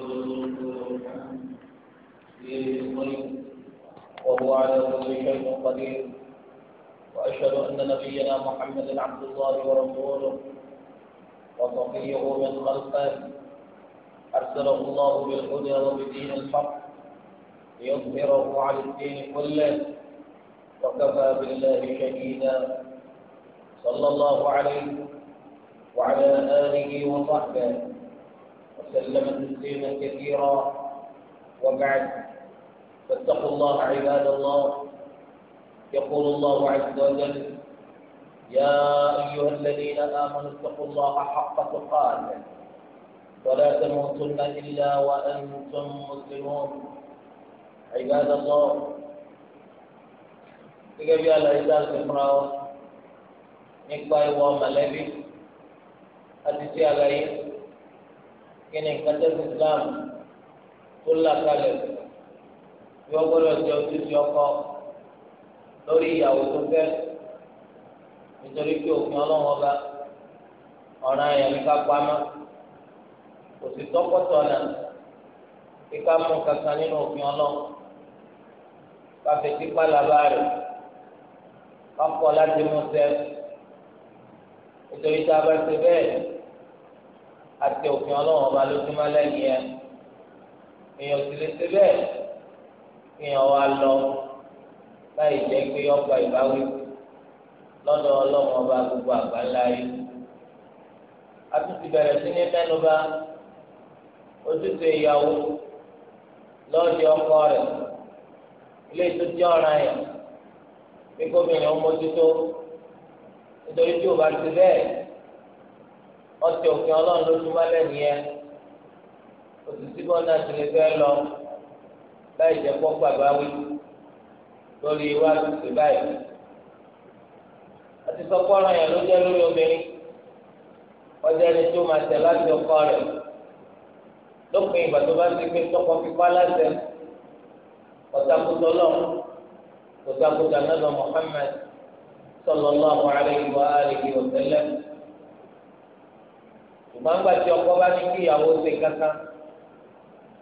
صلى الله وهو على كل شيء قدير وأشهد أن نبينا محمدا عبد الله ورسوله وصفيه من خلقه أرسله الله بالهدى وبدين الحق ليظهره على الدين كله وكفى بالله شهيدا صلى الله عليه وعلى آله وصحبه وسلم تسليما كثيرا وبعد فاتقوا الله عباد الله يقول الله عز وجل يا أيها الذين آمنوا اتقوا الله حق تقاته ولا تموتن إلا وأنتم مسلمون عباد الله gẹ́gẹ́ على alayisa sèmúra نكبر nípa ìwọ mọ̀lẹ́bí àti ti kíni nǹkan tó ti islam tó là kalẹ̀ yọ gbọ́dọ̀ jẹ ojúṣe ọkọ lórí ìyàwó tó fẹ́ nítorí pé òfin ọlọ́run ọba ọ̀ràn àyàn ní ká pamọ́ kò sì tọ́pọ̀tọ̀ náà kí ká mú kankan nínú òfin ọlọ́run ká fi tipa làbá rẹ̀ ká kọ́ láti mú sẹ́ nítorí tá a bá ti bẹ́ẹ̀ àti òfin ọlọ́wọ́n ọba lójúmọ́ lẹ́yìn ẹ èèyàn sì lè ṣe bẹ́ẹ̀ èèyàn wa lọ láì jẹ́ pé ọgbà ìbáwí lọ́dọ̀ ọlọ́wọ́n ọba gbogbo àgbáńlá yìí a tún ti bẹ̀rẹ̀ sí ní mẹ́nuba ojúṣe ìyàwó lọ́ọ̀dì ọkọ rẹ̀ ilé ìtútí ọ̀ràn yẹn bí gómìnà ó mójútó nítorí tí ò bá ti bẹ́ẹ̀ ọtí òfin ọlọ́run ló tún wálẹ̀ nìyẹn òtútù bọ́ náà ti lè fẹ́ lọ láì jẹ́ pọ́ gbàgbá wí lórí wá tètè báyìí àti sọ́kọ́ ọ̀ràn yẹn ló jẹ́ lórí obìnrin ọjọ́ ẹni tó máa tẹ̀ láti ọkọ rẹ̀ lópin ìgbà tó bá ti gbé tọkọ fipá láṣẹ ọ̀tàkùtà ọlọ́run ọ̀tàkùtà nàbà Muhammad sallallahu alaihi wa alihi wa sallam ṣùgbọ́n nígbà tí ọkọ bá ní kí ìyàwó ṣe kankan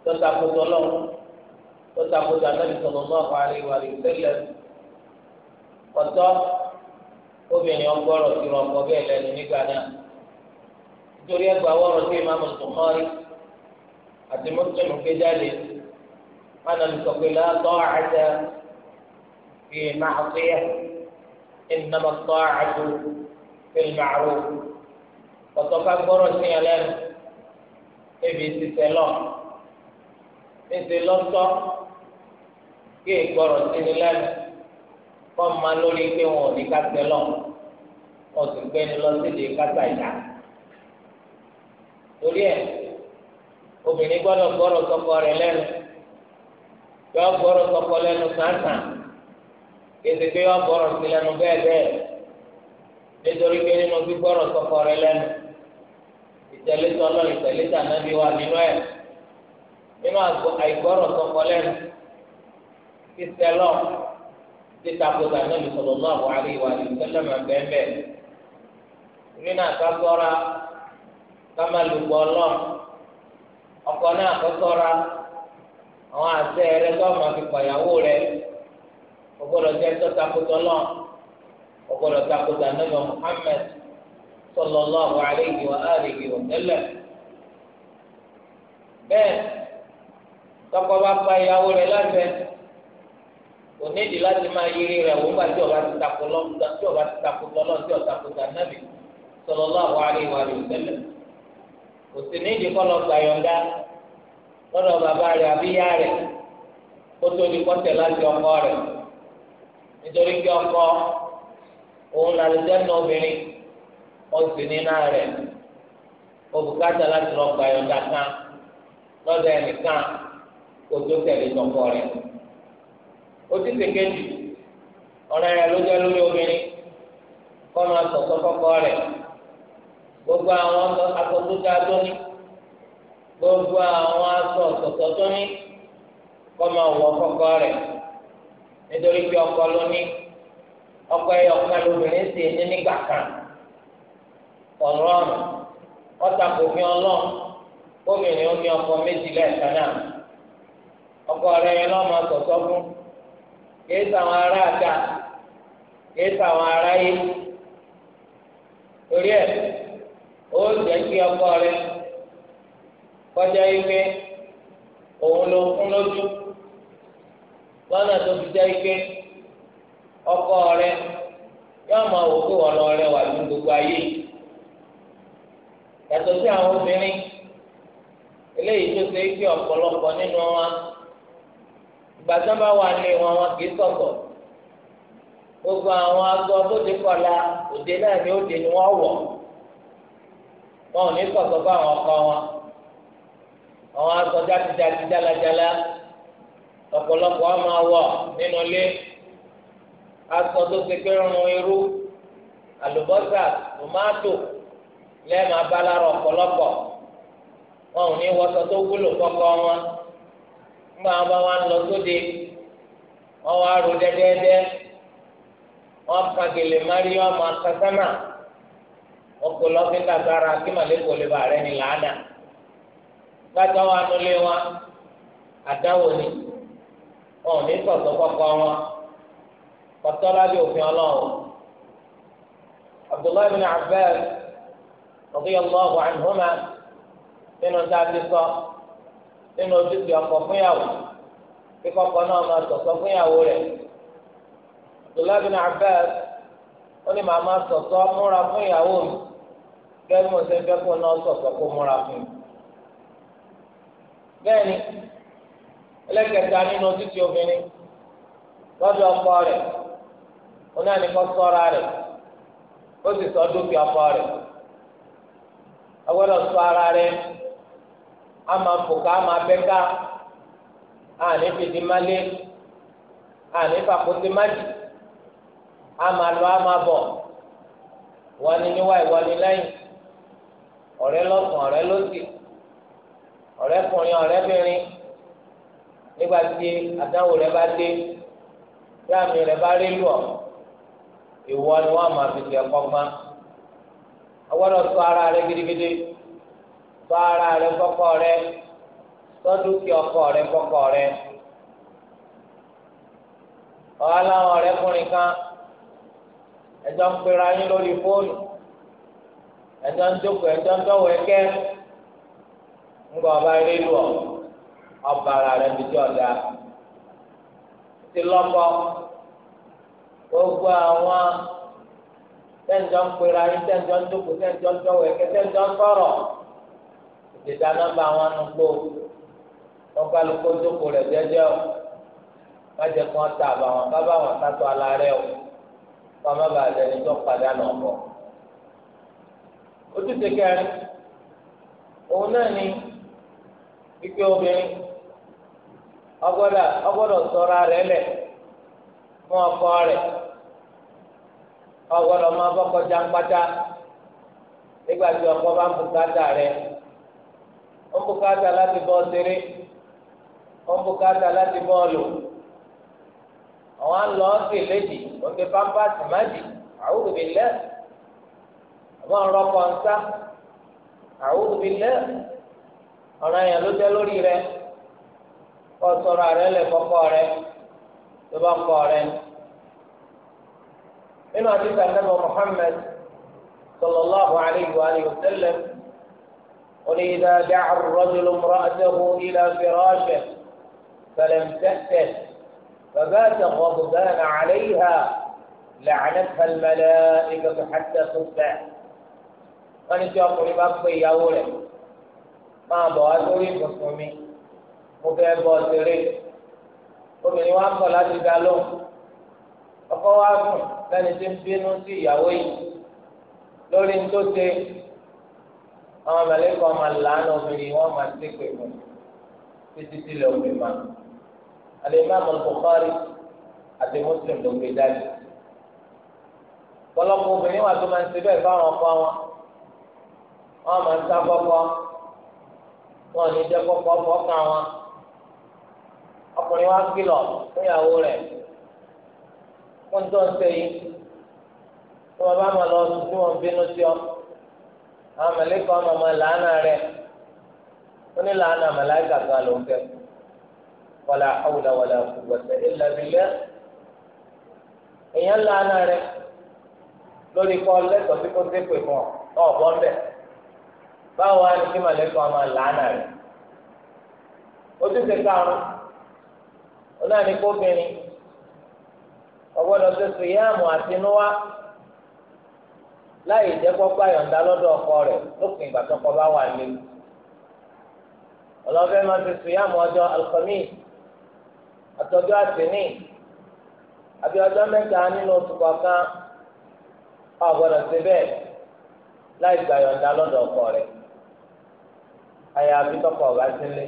tọ́ta kótó lọ tọ́ta kótó anábì sọ̀rọ̀ náà fà rí wà rí tẹ́lẹ̀ kọ́tọ́ obìnrin ọgbọ́rọ̀ ti rọ ọkọ bẹ́ẹ̀ lẹ́nu nígbà náà nítorí ẹgbàá wọ́rọ̀ sí ìmáàmù Bukhari àti Muslim gbé wọn àti sọ pé látọ́ àjà fi máa ṣe é ìnáwó tọ́ àjò fi máa rò ọ̀tọ̀ ká gbọ́rọ̀ sí yẹn lẹ́nu ebi ti tẹ lọ níṣẹ lọtọ kí ìgbọ́rọ̀ sí ni lẹ́nu kọ máa lórí pé wọn ò ní ká tẹ lọ wọn sì gbé ni lọ sí di kátà ìyá torí ẹ obìnrin gbọ́dọ̀ gbọ́rọ̀ sọ́kọ rẹ̀ lẹ́nu yọ gbọ́rọ̀ sọ́kọ lẹ́nu sàǹsàn kéde pé yọ gbọ́rọ̀ sí lẹ́nu bẹ́ẹ̀ bẹ́ẹ̀ nítorí pé nínú gbígbọ́rọ̀ sọ́kọ rẹ̀ lẹ́nu ìtẹ̀lé tó ọlọ́run ìtẹ̀lé tó ànábì wa nínú ẹ̀ nínú àìgbọ́rọ̀ tó kọ lẹ́nu títẹ lọ títa kóta ànábì sọ̀rọ̀ náà wà á rí wa ní sẹ́lẹ̀ máa bẹ́ẹ̀ bẹ́ẹ̀ nínú àkọ́sọ́ra kámá lùgbọ́ lọ́n ọkọ náà àkọ́sọ́ra àwọn àṣẹ rẹ tó máa fi pàyàwó rẹ ọgbọ́dọ̀ jẹ́ tó takótọ́ lọ́n ọgbọ́dọ̀ takótọ́ ànábì Muhammad sọ̀rọ̀ náà wà rí tẹ́lẹ̀ bẹ́ẹ̀ tọkọ bá pa ìyàwó rẹ̀ láfẹ́ onídi láti máa yiri rẹ̀ wọ́n bá tí ọba ti takò lọ tí ọba ti takò tọ́lọ́ tí ọba takò tà nàbì sallallahu alaihi wa sallam kò sí nídi kọ́lọ́ gbàyọ̀ǹda lọ́dọ̀ bàbá rẹ̀ àbíyá rẹ̀ kótó ni kọ́tẹ̀ láti ọkọ rẹ̀ nítorí pé ọkọ òun làlùjẹ́ nà obìnrin ọ̀sìn nínú rẹ̀. òbúkátà láti lọ gba taa, kan lọ́dọ̀ ẹnìkan kó tó tẹ̀lé tọkọ rẹ̀ ojú kékeré ọ̀rẹ́ rẹ̀ ló jẹ́ lórí obìnrin k'ọ máa sọ̀tọ̀ kọ́kọ́ rẹ̀ gbogbo àwọn aṣọ tó ní gbogbo àwọn aṣọ tó ní máa nítorí pé ọkọ ló ní ọkọ kan ọta kò fi ọlọ́n obìnrin omi ní ọkọ méjì lẹ́ẹ̀kan náà ọkọ rẹ yẹn lọ́mọ sọ̀tọ́ fún kìí sàwọn ará àga kìí sàwọn ará yé torí ẹ ó jẹ́ kí ọkọ rẹ kọjá ife òun ló kún lójú lọ́nà tó fi yàtọ̀ sí àwọn obìnrin eléyìí tó ṣe é kí ọ̀pọ̀lọpọ̀ nínú wa ìgbà tó bá wà lé wọn wọn kì í sọ̀tọ̀ gbogbo àwọn agbọ bóde kọlá òde náà ni òde ni wọ́n wọ̀ wọn ò ní sọ̀tọ̀ bá àwọn ọkọ wọn àwọn aṣọ jáde-jáde jálajálá ọ̀pọ̀lọpọ̀ wọn máa wọ̀ nínú ilé aṣọ tó ṣe pé rún irú àlùbọ́sà tòmátò. lẹ́ẹ̀ma ma ọ̀pọ̀lọpọ̀ wọn ò ní wọṣọ tó wúlò kọ́kọ́ wọn nígbà wọn bá wà lọ sóde wọn wá ro dẹ́dẹ́dẹ́ wọn wọn ma sasana wọn kò lọ fi dàgbára kí màlẹ́kọ̀ọ́ lè ba rẹ̀ ní làánà gbàtà wọn anulẹ̀ wọn àdáwò ni wọn ò ní sọ̀tọ̀ kọ́kọ́ wọn òfin Abdullahi رضي الله عنهما إنه تعليق إنه جد يقفيه kíkọ́kọ́ náà máa sọ̀sọ́ fún ìyàwó rẹ̀ Abdullahi bin Abbas ó ní màá máa sọ̀sọ́ múra fún ìyàwó mi gẹ́gẹ́ mo ṣe ń fẹ́kọ̀ọ́ náà sọ̀sọ́ kó múra fún mi. bẹ́ẹ̀ni ẹlẹ́kẹta nínú títí obìnrin lọ́dọ̀ agbọ́dọ̀ sọ ara rẹ ama fòkà ama bẹ́ká àní fìdí malé àní fàkóté májì ama lọ ama bọ̀ wani níwá ìwani lẹ́yìn ọ̀rẹ́ lọ́sàn ọ̀rẹ́ lọ́sì ọ̀rẹ́kùnrin ọ̀rẹ́bìnrin nígbà tí àdáwò rẹ bá dé tí àmì rẹ bá rí lù ọ́ ìwọ ni wọ́n máa fi ti ẹ̀kọ́ ọgbọ́dọ̀ ṣọ́ ara rẹ gidigidi ṣọ́ ara rẹ kọkọ rẹ ṣọ́ dúkìá ọkọ rẹ kọkọ rẹ ọ̀hálàwọn ọ̀rẹ́kùnrin kan ẹjọ́ ń pera yín lórí fóònù ẹjọ́ ń jókòó ẹjọ́ ń dọ́wọ́ ẹkẹ́ ńgbà ọba eré lù ọ́ ọba ara rẹ bìtí ọ̀dà ti lọ́kọ́ gbogbo àwọn. tẹ́ǹjọ́ ń pera yín tẹ́ǹjọ́ ń dókòó tẹ́ǹjọ́ ń tọ́wọ́ ẹ̀kẹ́ tẹ́ǹjọ́ wọn nu rẹ̀ o májẹ kàn ta àbàwọn bábà wọn alárẹ o dẹni tó padà kẹrin òun náà ni ike obìnrin ọgbọ́dọ̀ sọra fún ọkọ rẹ̀. ọgbọ́dọ̀ máa bọ́kọ jankpata nígbà ọkọ bá ń bùkátà rẹ ń bùkátà láti bọ́ seré ń bùkátà láti bọ́ lò àwọn àlọ́ ọ̀sẹ̀ lédi oúnjẹ pampasì májì àwùjọ bíi lẹ́ àwọn ọ̀rọ̀ kọ̀ǹsá àwùjọ bíi lẹ́ ọ̀rọ̀ yẹn ló lórí rẹ kọ́ rẹ من حديث النبي محمد صلى الله عليه واله وسلم قل اذا دعا الرجل امراته الى فراشه فلم تاته فبات غضبان عليها لعنتها الملائكه حتى تصبح قال انت يا قولي بابي يا ولد ما بوالدي بصومي وكان بوالدي ومن يوم صلاه الجالون فقوا lẹ́ni tí ń bínú sí ìyàwó yìí lórí ń tó ṣe àwọn mẹlẹ́kọ̀ máa làánà obìnrin wọn máa ṣe pé fún títí tí lè obìnrin máa. Al-Imam Bukhari àti Muslim ló gbé jáde. Ọ̀pọ̀lọpọ̀ obìnrin wà tó máa ń ṣe bẹ́ẹ̀ fáwọn ọkọ wọn. Wọ́n máa ń sá kọ́kọ́. Wọ́n ò ní jẹ́ kọ́kọ́ fọ́kàn wọn. Ọkùnrin wa kìlọ̀ fún ìyàwó rẹ̀ wọ́n tó ń sẹ́ yìí tí wọ́n bá máa lọ sùn tí wọ́n bínú sí ọ àwọn mẹ̀lẹ́kọ̀ ọmọ ọmọ làánà rẹ̀ ó ní làánà mẹ̀láìkà kan ló ń fẹ́ wàlà àwùlà wàlà àkùgbọ̀sẹ̀ ìlàbílẹ̀ èèyàn làánà rẹ̀ lórí kọ́ lẹ́tọ̀ọ́ tí kò dé pè fún ọ ọ̀bọ̀ ń bẹ̀ báwo wá ní kí mẹ̀lẹ́kọ̀ ọmọ làánà rẹ̀ ojúṣe karùn-ún náà ní kó bìnrin ọgbọ́dọ̀ ṣe sùyàmù àtinúwá láì jẹ́ kọ́kọ́ àyọ̀ǹda lọ́dọ̀ ọkọ rẹ̀ lópin ìgbà tó kọ́ bá wà lé ọlọ́fẹ́ máa ṣe sùyàmù ọjọ́ alùpàmì àtọ́jọ́ àtìní àbí ọjọ́ mẹ́ta nínú oṣù kọ̀ọ̀kan ọgbọ́dọ̀ ṣe bẹ́ẹ̀ láì gba àyọ̀ǹda lọ́dọ̀ ọkọ rẹ̀ àyàfi tọkọ ọ̀gá sílé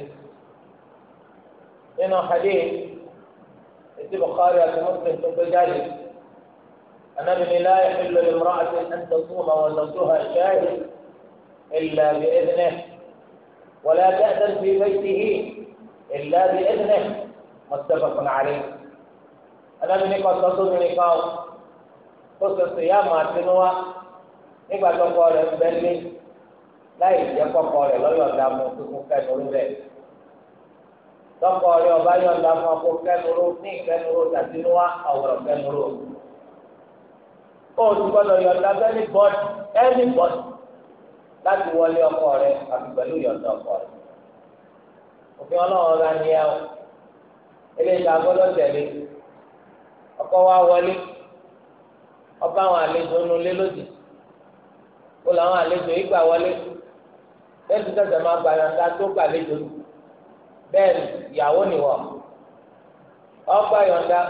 nínú hadith. في بخاري ومسلم في البجاري أنا بني لا يحل لامرأة أن تصوم وزوجها شاهد إلا بإذنه ولا تأذن في بيته إلا بإذنه متفق عليه أنا بني قد تصوم نقاط قصة صيام àtinúwá nígbà تقول kọ́ لا يجب أن تقول لا يجب أن lọ́yọ̀ọ̀dà mọ́ tuntun tọkọ rẹ ọba yọ̀ǹda fún ọkọ kẹnuró ní ìkẹnuró tàbí níwá ọ̀wọ̀rọ̀ kẹnuró o ti gbọ́dọ̀ yọ̀ǹda fẹ́ni bọd ẹni bọd láti wọlé ọkọ rẹ àti pẹ̀lú yọ̀ǹda ọkọ rẹ òfin ni ẹ o eléyìí ọkọ wa wọlé ọba àwọn àlejò ń lé làwọn àlejò yìí gbà wọlé lẹ́yìn tó máa gbà yọ̀ǹda bẹ́ẹ̀ ni ìyàwó nìwọ ọgbà yọ̀ǹda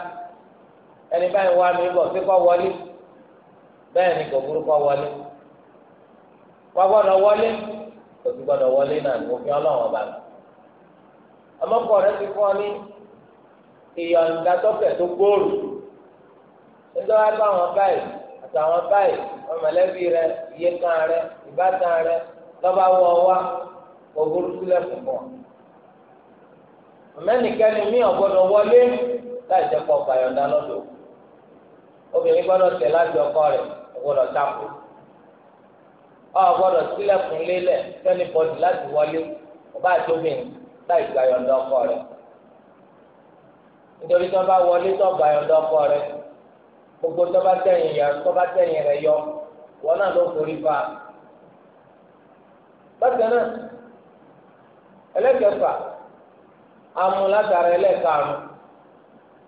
ẹni báyìí wá mi bọ̀ sí kọ́ wọlé bẹ́ẹ̀ ni kò wọlé wọ́n gbọ́dọ̀ wọlé kò gbọ́dọ̀ wọlé náà ní òfin ọlọ́run ọba mi ọmọkọ rẹ ti ní ìyọ̀ǹda tọ́fẹ̀ tó gbòòrò nítorí wọn bá wọn báyìí mẹ́nìkẹ́ni mí ọ̀gbọ́dọ̀ wọlé láì jẹ́ pọ̀ gbàyọ̀dá lọ́dọ̀ obìnrin gbọ́dọ̀ tẹ̀ láti ọkọ rẹ̀ ọ̀gbọ́dọ̀ tako ọ̀gbọ́dọ̀ sílẹ̀kùn lélẹ̀ sẹ́ni bọ́dì láti wọlé ọba àtòmìnir láì gbàyọ̀dá ọkọ rẹ̀ nítorí tó bá wọlé tó gbàyọ̀dá ọkọ rẹ̀ gbogbo tó bá tẹ̀yìn yọ tó bá tẹ̀yìn rẹ̀ yọ wọn náà ló forí fa bákan náà amú látara ẹlẹ́ẹ̀karùn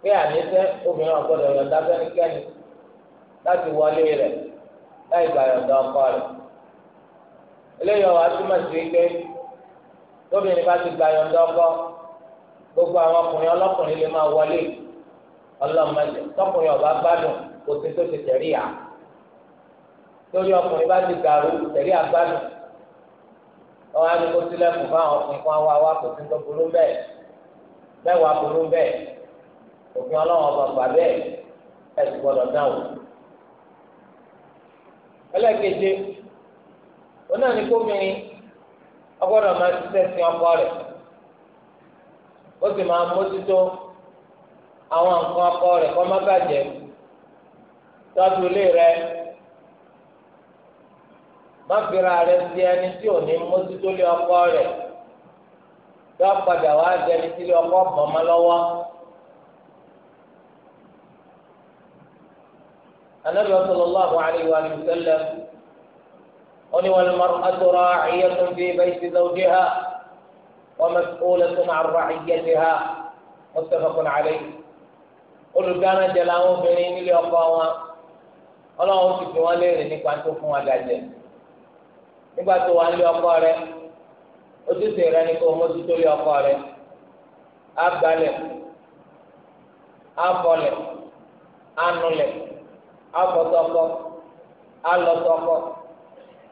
pé àníṣe obìnrin ọ̀gbọ́dọ̀ yọ̀ǹda fẹ́nikẹ́ni láti wọlé rẹ̀ láì gbà yọ̀ǹda ọkọ rẹ̀ eléyìí ọ̀wá túmọ̀ sí pé tóbìnrin bá ti gbà yọ̀ǹda ọkọ gbogbo àwọn ọkùnrin ọlọ́kùnrin lè máa wọlé ọlọ́mọdé tọkùnrin ọba gbádùn kò sí tó ti tẹ̀rí à torí ọkùnrin bá ti gàrú tẹ̀rí àgbádùn ọ̀hánì kó sílẹ̀kùn fáwọn ọkùnrin kan wá wá kò sí tó burú bẹ́ẹ̀. mẹ́wàá burú bẹ́ẹ̀ òfin ọlọ́run ọba gbà bẹ́ẹ̀ ẹ̀sùn gbọ́dọ̀ náà wò. ẹlẹ́keje òun náà kóbìnrin ọgbọ́dọ̀ máa ṣiṣẹ́ sí ọkọ rẹ̀ ó sì máa mójútó àwọn nǹkan ọkọ má ilé má fira sí ẹni tí ò ní tó padà wá jẹni tí ilé ọkọ mọ̀mọ́ lọ́wọ́. النبي صلى الله عليه وآله وسلم قل والمرأة راعية في بيت زوجها ومسؤولة عن رعيتها متفق عليه olùdáná jẹ làwọn obìnrin nílé ọkọ wọn ọlọ́run ti fi wọn léèrè nípa tó fún wọn dájẹ nígbà tó wà nílé ọkọ rẹ ojúṣe rẹ ni kò mójútó lé ọkọ rẹ agbalẹ afọlẹ anulẹ afọtọkọ alọtọkọ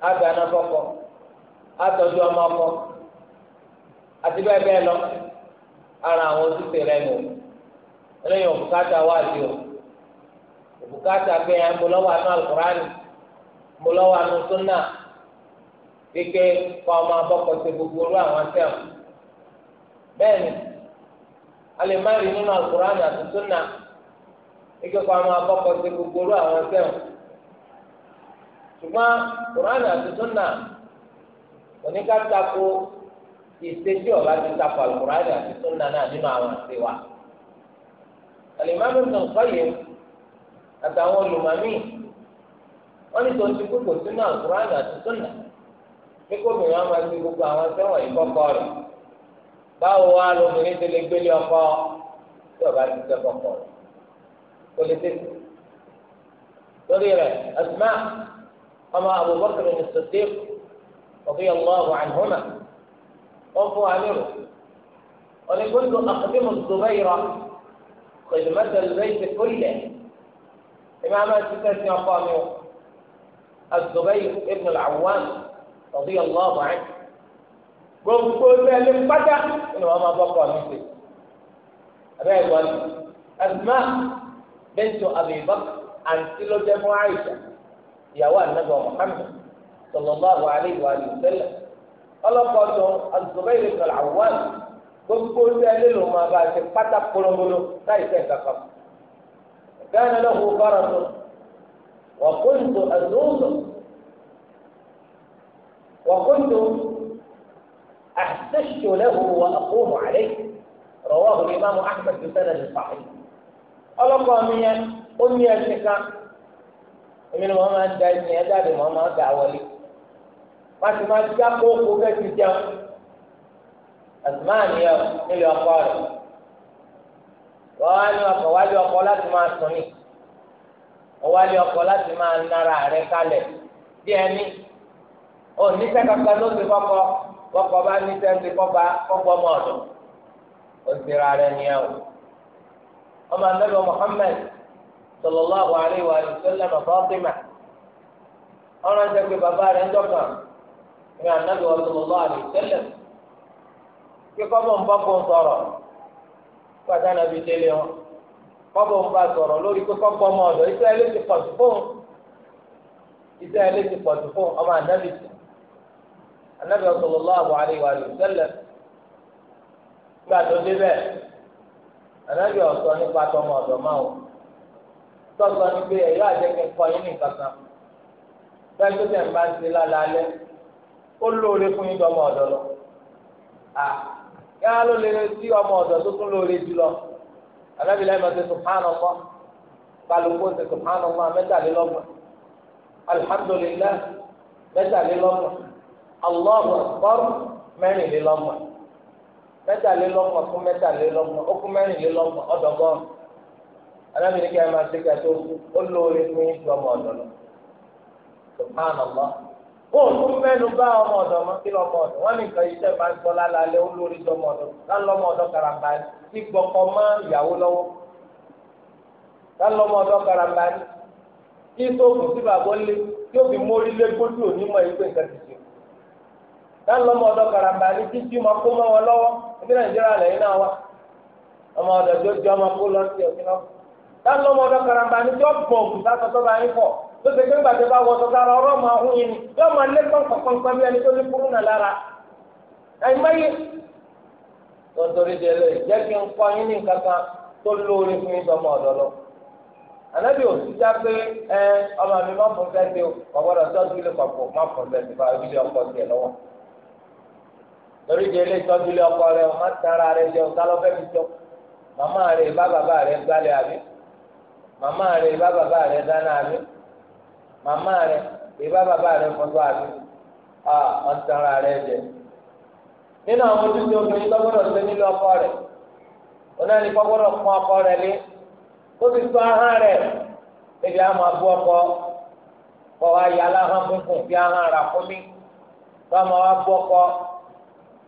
agbanafọkọ atọjú ọmọkọ àti bẹ́ẹ̀ bẹ́ẹ̀ lọ ara àwọn ojúṣe rẹ nù lẹ́yìn òbúkátà wà sí o òbúkátà pé ẹ ń bọ lọ́wọ́ àánú àlùkùránì ń lọ́wọ́ wípé kọ́ ọmọ abọ́kọ̀ ṣe gbogbo orú àwọn sẹ́wọ̀n bẹ́ẹ̀ ni a má rí nínú Al-Qur'an àti Sunnah wípé kọ́ ọmọ abọ́kọ̀ ṣe gbogbo orú àwọn sẹ́wọ̀n ṣùgbọ́n Qur'an àti Sunnah oníkàtàkù ìṣèjì ọ̀la ti takò Al-Qur'an àti Sunnah náà nínú àwọn àti wa Al-Imam Ibn Qayyim àtàwọn olùmọ̀mí wọ́n ní tó ti kú kò sínú Al-Qur'an àti Sunnah kíkó obìnrin wọn máa ti gbogbo àwọn sẹ́wọ̀n yìí kọ́kọ́ rẹ̀ báwo wá lóbìnrin ti lè gbélé ọkọ tí ọba ti tẹ́ kọ́kọ́ rẹ̀ kó lè tètè lórí rẹ̀ Asma ọmọ Abubakar ní Siddiq radiyallahu anhuma wọn fún wa nírò àkàdémù Zubayra khidmata al-bayt kullah ìmáàmá ti tẹ̀sí ọkọ mi Zubayr ibn al ọ̀bí ọ̀gbọ́n ọ̀bọ̀rin gbogbo ẹlẹ́ pátá ni wọ́n máa bọ́kọ̀ mi sí abẹ́ ẹ̀gbọ́n ni asma bẹ́ńtò àbíbá àǹtí ló jẹ́ fún àìsà ìyàwó ànágbà Muhammad sallallahu alayhi wa sallam ọlọ́kọ̀ọ́tọ̀ az-Zubayr ibn al-Awwam gbogbo ẹlẹ́ ló máa bá a pátá polongolo láì kankan gánà lọ́hùn bára tó wà kóńtò àdúgbò. وكنت أحتش له وأقوم عليه رواه الإمام أحمد بسند صحيح ọlọ́kọ̀ mi yẹn ó ní ẹsẹ̀ kan èmi ni wọ́n máa ń da ẹsẹ̀ yẹn jáde wọ́n máa ń da wọlé wọ́n ti máa já kókó bẹ́ẹ̀ ti jẹun àtìmáà ni ẹ nílé ọkọ rẹ̀ wọ́n á ní ọkọ̀ wálé ọkọ̀ láti máa sùn ní ọwálé ọkọ̀ láti máa nára rẹ̀ kalẹ̀ bí ẹni. ó níṣẹ́ kankan ló ti kọ́kọ́ kọ́kọ́ bá níṣẹ́ ti kọ́ba kọ́kọ́ mọ́ ọ̀dọ̀ ó ti ra rẹ ní ẹ̀wọ̀ ọmọ anábì Muhammad sallallahu alaihi wa sallam Fatima ọ̀rọ̀ jẹ́ pé bàbá rẹ̀ ń dọ́kàn ní anábì sallallahu alaihi wa sallam kí kọ́bọ̀ ń bọ́ kó ń sọ̀rọ̀ délé wọn ń bá sọ̀rọ̀ lórí pé kọ́kọ́ mọ́ ọ̀dọ̀ anabi sallallahu alayhi wa sallam gba tó débẹ̀ anabi ọsọ nípa tọmọ ọ̀dọ̀ máa wò tọsọ ní pé ẹyọ àjẹkẹ kọ yín ní kankan bẹ́ẹ̀ tó tẹ n bá ń ṣe lálẹ́ ó lóore fún yín tọmọ ọ̀dọ̀ lọ à yàrá ló lè sí ọmọ ọ̀dọ̀ tó tún lóore jù lọ anabi lẹ́yìn ọ̀sẹ̀ subhanallah kálukú ọ̀sẹ̀ subhanallah mẹ́tàlélọ́gbọ̀n alihamdulilayi mẹ́tàlélọ́gbọ̀n. Allahu Akbar mẹ́rìnlélọ́gbọ̀n mẹ́tàlélọ́gbọ̀n fún mẹ́tàlélọ́gbọ̀n ó kú mẹ́rìnlélọ́gbọ̀n ọ̀dọ́gbọ̀n alábìrin kí a máa ṣe kí a tó ó lóore fún yín ju ọmọ ọ̀dọ́ lọ subhanallah wọn ò tún mẹ́nu bá ọmọ ọ̀dọ́ mọ́ kí lọ́mọ ọ̀dọ́ wọn ní nǹkan iṣẹ́ máa ń gbọ́ lálẹ́ ó lóore ju ọmọ ọ̀dọ́ lálọ́mọ ọ̀dọ́ karamba ní gbọ́kọ mọ́ ìyàwó lọ́wọ́ lálọ́mọ ọ̀dọ́ karamba ní kí sóògùn sí bàbá lé yóò fi mórí lé gbójú òní mọ́ ẹgbẹ́ nǹkan ti láti lọ́mọ kara karambà ní títí ma kó mọ́ wọn lọ́wọ́ ẹbí nàìjíríà wá ọmọ ọ̀dọ́ tó jẹ́ kó lọ sí ọ̀sìn náà láti lọ́mọ ọ̀dọ́ karambà ní tó bọ̀ òkúta sọ́tọ́ bá yín pọ̀ tó ṣe pé gbàdé bá wọ sọ́tọ́ ara ni yóò máa lé pọ́npọ́npọ́n bí ẹni tó ní kúrú náà lára tontori de lè kí n anabi pé mi torí di ilé ìtọ́jú ilé ọkọ rẹ ọmọ tara rẹ jẹ ọ̀sálọ́fẹ́ mi jọ màmá rẹ bá bàbá rẹ gbálẹ̀ àbí màmá rẹ bá bàbá rẹ dáná àbí màmá rẹ ìbá bàbá rẹ fọdọ àbí ọ̀n tara rẹ jẹ. nínú àwọn ojúṣe obìnrin tó gbọdọ̀ ṣe nílé ọkọ rẹ onáni kọ́ gbọdọ̀ fún ọkọ rẹ lé kó ti tó ahọ́n rẹ níbi àmọ́ abú ọkọ kọ́ wa yà láhàn fúnfún bí ahọ́n rà fún mi kọ́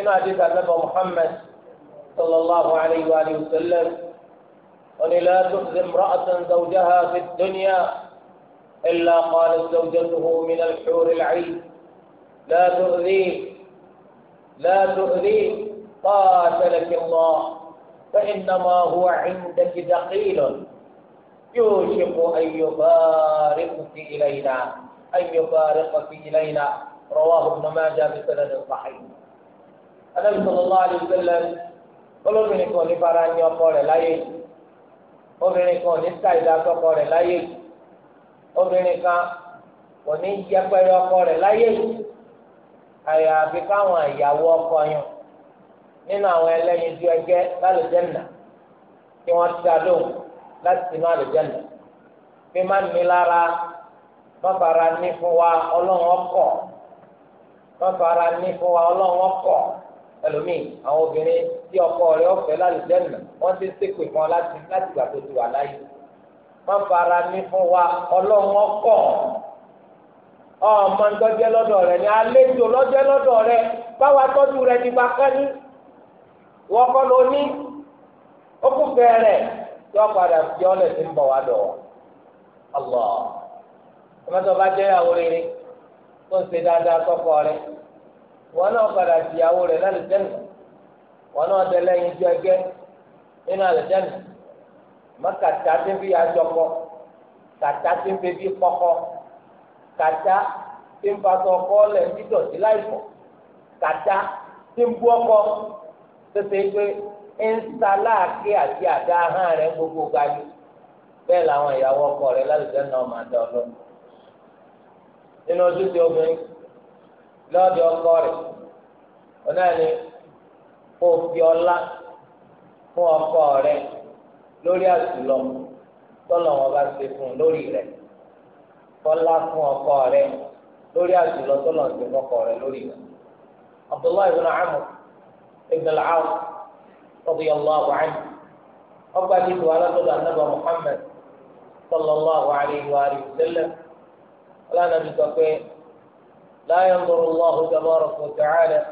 إن أجد النبي محمد صلى الله عليه وآله وسلم أن لا تخذ امرأة زوجها في الدنيا إلا قالت زوجته من الحور العين لا تؤذي لا تؤذي قاتلك الله فإنما هو عندك دخيل يوشك أن يفارقك إلينا أن يفارقك إلينا رواه ابن ماجه بسند صحيح Ànábì sallallahu alaihi wasallam olóbìnrin kan ní fara ní ọkọ rẹ̀ láyé obìnrin kan ní ṣàìdá sọ́kọ rẹ̀ láyé obìnrin kan kò ní yẹpẹrẹ ọkọ rẹ̀ láyé àyàfi káwọn ìyàwó ọkọ yẹn nínú àwọn ẹlẹ́yin ju ẹgẹ́ lálùjẹ́nà kí wọ́n ti àdóhùn láti sinú àlùjẹ́nà fi má mi lára mọ́fara ní fún wa ọlọ́run ọkọ̀ mọ́fara ní fún wa ọlọ́run ọkọ̀ ẹlòmíì àwọn obìnrin tí ọkọ rẹ̀ ọ̀fẹ́ lálùjẹ́nà wọ́n ti ń ṣépè fún ọ láti láti gbà tó ti wà láyé wọ́n fara ní fún wa ọlọ́run ọkọ̀ ọmọ ńdọ́jẹ́ lọ́dọ̀ rẹ̀ ni àlejò lọ́jẹ́ lọ́dọ̀ rẹ̀ báwa tọ́jú rẹ̀ nígbà kan ní wọ́n kọ́ ló ní okùnfẹ́ rẹ̀ tí wọ́n padà fi ọ́lẹ̀ sí ń bọ̀ wá dọ̀ ọlọ́ọ̀ ọmọdé ọba jẹ́ ìyàwó rere tó ń ṣe dáadáa sọ́kọ rẹ̀ wọn náà padà tìyàwó rẹ̀ náà lè jẹ́nu wọn náà tẹ̀lé ẹyin ju ẹgẹ́ nínú àlẹ́ jẹ́nu mọ kàtà tí ń fi àjọkọ kàtà tí ń fi bí kọ́kọ́ kàtà tí ń fatọ ọkọ lẹ̀ ń dídọ̀tí láìpọ̀ kàtà tí ń bú ọkọ tètè pé ń sa láàké àti àdá hàn rẹ̀ gbogbo gbayé bẹ́ẹ̀ làwọn ìyàwó ọkọ rẹ̀ lálẹ́ jẹ́nu náà máa dá ọ lọ́nà nínú ojúṣe obìnrin lọ́ọ̀dì ọkọ rẹ̀ ọ̀nà ni kó fi ọlá fún ọkọ rẹ̀ lórí àtúlọ̀ tọ́lọ̀ wọn bá ṣe fún un lórí rẹ̀ kọ́lá fún ọkọ rẹ̀ lórí àtúlọ̀ tọ́lọ̀ ṣe fún ọkọ rẹ̀ lórí rẹ̀ abdullahi ibn amr ibn al-aw radiyallahu anhu ọgbà dídú alátọ́dọ̀ anábà muhammad sallallahu alayhi wa sallam ọlọ́nà mi sọ pé. لا ينظر الله تبارك وتعالى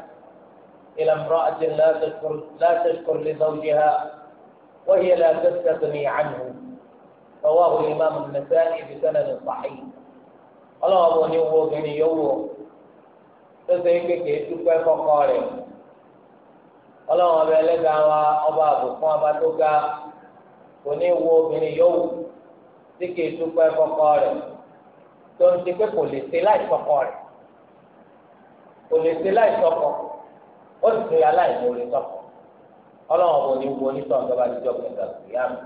إلى امرأة لا تشكر لا تشكر لزوجها وهي لا تستغني عنه رواه الإمام النسائي بسند صحيح ọlọ́wọ́ ni wo obìnrin yóò wò tó ṣe kéèké dúpẹ́ kọ́kọ́ rẹ̀ ọlọ́wọ́ ọba ẹlẹ́dàá wa ọba àbùkún ọba tó ga kò ní wo obìnrin yóò wò tí kéè dúpẹ́ kọ́kọ́ rẹ̀ tó ń ti pé kò lè ṣe láì kọ́kọ́ rẹ̀ kò lè ṣe láì sọkọ ó sì ṣe aláìní orí sọkọ ọlọ́run kò ní wo onítọ̀ tó bá ti jọ pẹ̀lú ìyáàmù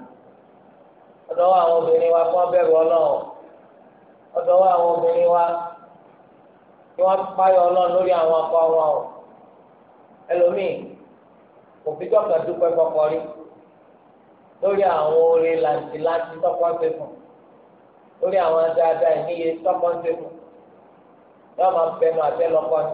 ọ̀dọ̀ wa àwọn obìnrin wa kọ́ bẹ̀rù ọlọ́run ọ̀dọ̀ wa àwọn obìnrin wa kí wọ́n páyọ̀ ọlọ́run lórí àwọn akọ wọn o ẹlòmíì kò fi jọ́ kan dúpẹ́ kọ́kọ́ rí lórí àwọn oore làǹtìláǹtì tọ́kọ́ ń ṣe lórí àwọn dáadáa ìníye tọ́kọ́ ń ṣe fún máa fẹ́ máa fẹ́ lọ́kọ́ ni.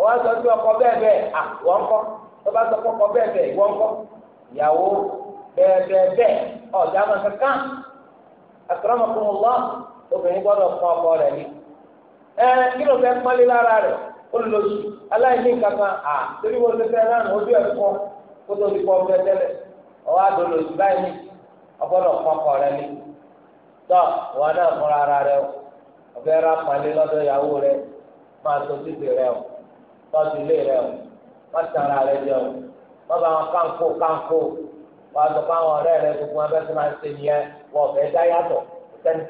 wọ́n á sọ pé ọkọ bẹ́ẹ̀ bẹ́ẹ̀ à ah, wọ́n ń kọ́ tó bá sọ pé ọkọ bẹ́ẹ̀ bẹ́ẹ̀ ìwọ́n kọ́ ìyàwó bẹ́ẹ̀ bẹ́ẹ̀ bẹ́ẹ̀ ọ̀já máa kankan obìnrin gbọ́dọ̀ fún ọkọ rẹ̀ ni ẹ kí ló fẹ́ pọ́nlé lára rẹ̀ à torí ti fẹ́ lánàá ojú ẹ̀ ọ kó tó ti fẹ́ tẹ́lẹ̀ ọwọ́ tọ́jú ilé rẹ o má tara rẹ jẹ o má bá wọn kánkó kánkó wọn àtọ fún àwọn ọ̀rẹ́ rẹ gbogbo wọn bẹ́ẹ̀ tó máa ń ṣe nìyẹn wọn ọ̀fẹ́ dá yàtọ̀ gbogbo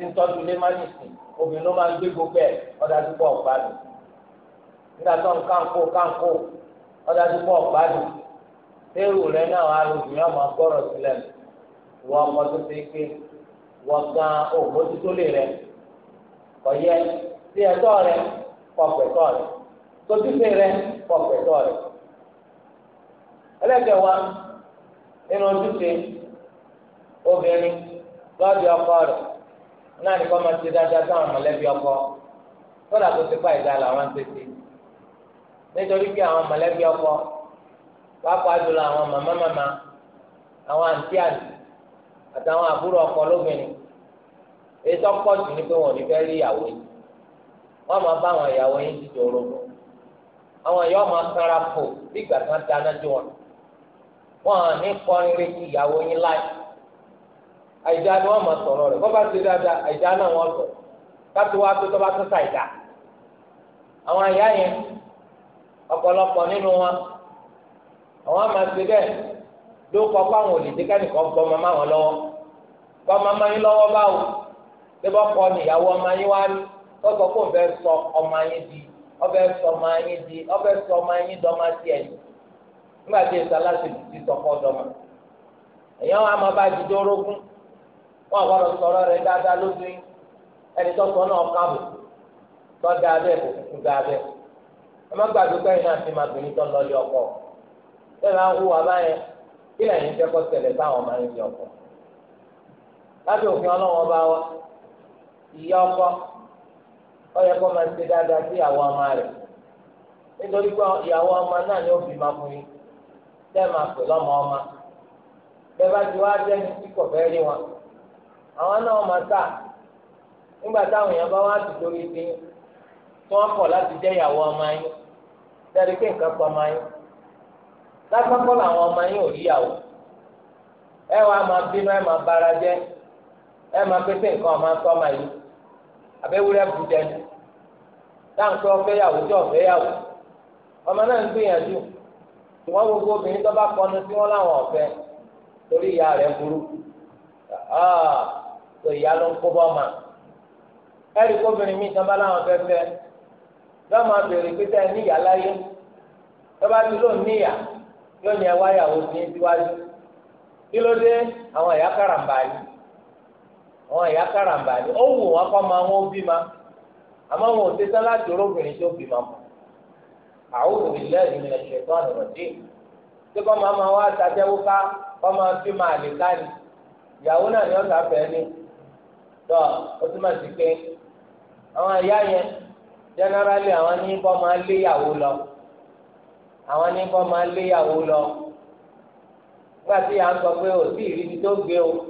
ẹ̀ ọ̀dájú pọ̀ gbádùn nígbà tó ń kánkó kánkó ọ̀dájú pọ̀ gbádùn téèrù náà wà gbọ́rọ̀ sílẹ̀ tó tójúṣe rẹ kọ pẹ̀tọ́ rẹ. ẹlẹ́kẹ̀wá nínú ojúṣe obìnrin lọ́ọ̀dì ọkọ rẹ̀ náà ní kọ́ máa ma dáadáa sáwọn mọ̀lẹ́bí ọkọ tó ti pa ìdá làwọn ọkọ pàápàá jùlọ àwọn màmá màmá àwọn àǹtí àtàwọn àbúrò ọkọ lóbìnrin èyí tó pọ̀ jù ní pé wọn ò ní fẹ́ rí ìyàwó yìí wọ́n máa bá àwọn ìyàwó yìí ti àwọn ìyá ọmọ akára fò bí ìgbà kan dáná jọ wọn wọn à ní kọrin ìyàwó yín láì àìjá ni wọn mọ sọrọ rẹ bá ti dáadáa àìjá náà wọn sọ káàtó wá tó tọ́ba tó ṣàìdá àwọn ìyá yẹn ọ̀pọ̀lọpọ̀ nínú wọn àwọn ti bẹ́ẹ̀ ló kọ́ nìkan gbọ́ wọn lọ́wọ́ gbọ́ yín lọ́wọ́ báwo ṣé bọ́ kọ́ ni ìyàwó ọmọ yín wá sọ ọmọ yín ọbẹ̀ sọmọ anyin di ọbẹ̀ sọmọ anyin dọ́mà sí ẹ̀yìn nígbà tí èso aláṣẹjù ti sọ̀kọ́ dọ́mà èèyàn wa máa bá jíjọ́ orógún wọn àgbọ̀dọ̀ sọ̀rọ̀ rẹ̀ dáadáa lójú yín ẹni tó sọ náà káàbò tó dáa bẹ́ẹ̀ kò kúkú dáa bẹ́ẹ̀ ẹ má gbàgbé pẹ́yìn náà ti máa bìnrin tó lọ́ọ́ lé ọkọ bẹ́ẹ̀ máa ń hùwà báyẹn kí lẹ́yìn fẹ́ kọ́ ṣẹlẹ̀ táwọn máa ń lé ọkọ lábẹ́ òfin ọlọ́wọ́n bá wa ìyá ọkọ ọyẹ kọ́ máa ṣe dáadáa sí ìyàwó ọmọ rẹ̀ nítorí pé ìyàwó ọmọ náà ni ó fi máa fún yín tẹ́ máa pè lọ́mọ ọmọ bẹ́ẹ̀ bá ti wá fẹ́ rí wọn àwọn náà máa nígbà táwọn èèyàn bá wá torí pé tí wọ́n kọ̀ láti jẹ́ ìyàwó ọmọ yín pé nǹkan pọ̀ ọmọ yín lásán làwọn ọmọ yín ò rí ìyàwó ẹ wàá máa bínú ẹ abẹ́wúrẹ́ bu dẹnu táǹkì ọ̀fẹ́yàwó tí ọ̀fẹ́yàwó ọmọ náà ń gbìyànjú ṣùgbọ́n gbogbo obìnrin tó bá kọnu sí wọn láwọn ọ̀fẹ́ torí ìyá rẹ̀ burú tó ah, ìyá ló ń kó bọ́ ma ẹ̀rí kóbìnrin mi tán bá láwọn fẹ́fẹ́ yóò máa béèrè pé sẹ́yìn níyà láyé tó bá ti lóun níyà yóò ní ẹwà ìyàwó sí síwájú kí ló dé àwọn ìyá kàràǹbà yìí. àwọn ìyá karambà ni ó wù wọn kọ́ máa wọn bí ma àmọ́ wọn ò tẹ́tẹ́ láti olóbìnrin tó bí ma ọ àwọn òbílẹ̀ yìí lè ṣe tó àná dé tí kọ́ máa máa wá tajẹ́wó ká kọ́ máa ma lè ká ni ìyàwó náà ni ọ̀sà fẹ́ ni tọ́ ó ti àwọn ìyá yẹn àwọn ní kọ́ máa lọ àwọn ní kọ́ máa lọ nígbà tí ń sọ pé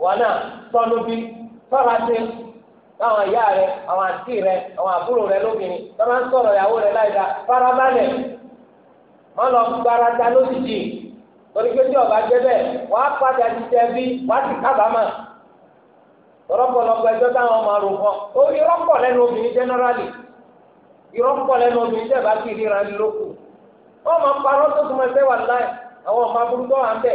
wọn náà tọ́nu bí tọ́ra ṣe láwọn ìyá rẹ àwọn àǹtí rẹ àwọn àbúrò rẹ lóbìnrin tọ́ra ń sọ̀rọ̀ ìyàwó rẹ láìda farabalẹ̀ má lọ gbarata lójijì torí pé tí ọba jẹ bẹ́ẹ̀ wàá padà ti jẹ bí wàá ti kábàámà rọpọlọpọ ẹjọ́ táwọn ọmọ arò kan ó irọpọ lẹ́nu obìnrin jẹnẹrali irọpọ lẹ́nu obìnrin tẹ bá kiri ìran lóko wọn máa tó tún máa ṣe wà láì àwọn ọmọ aburú tó wà ń bẹ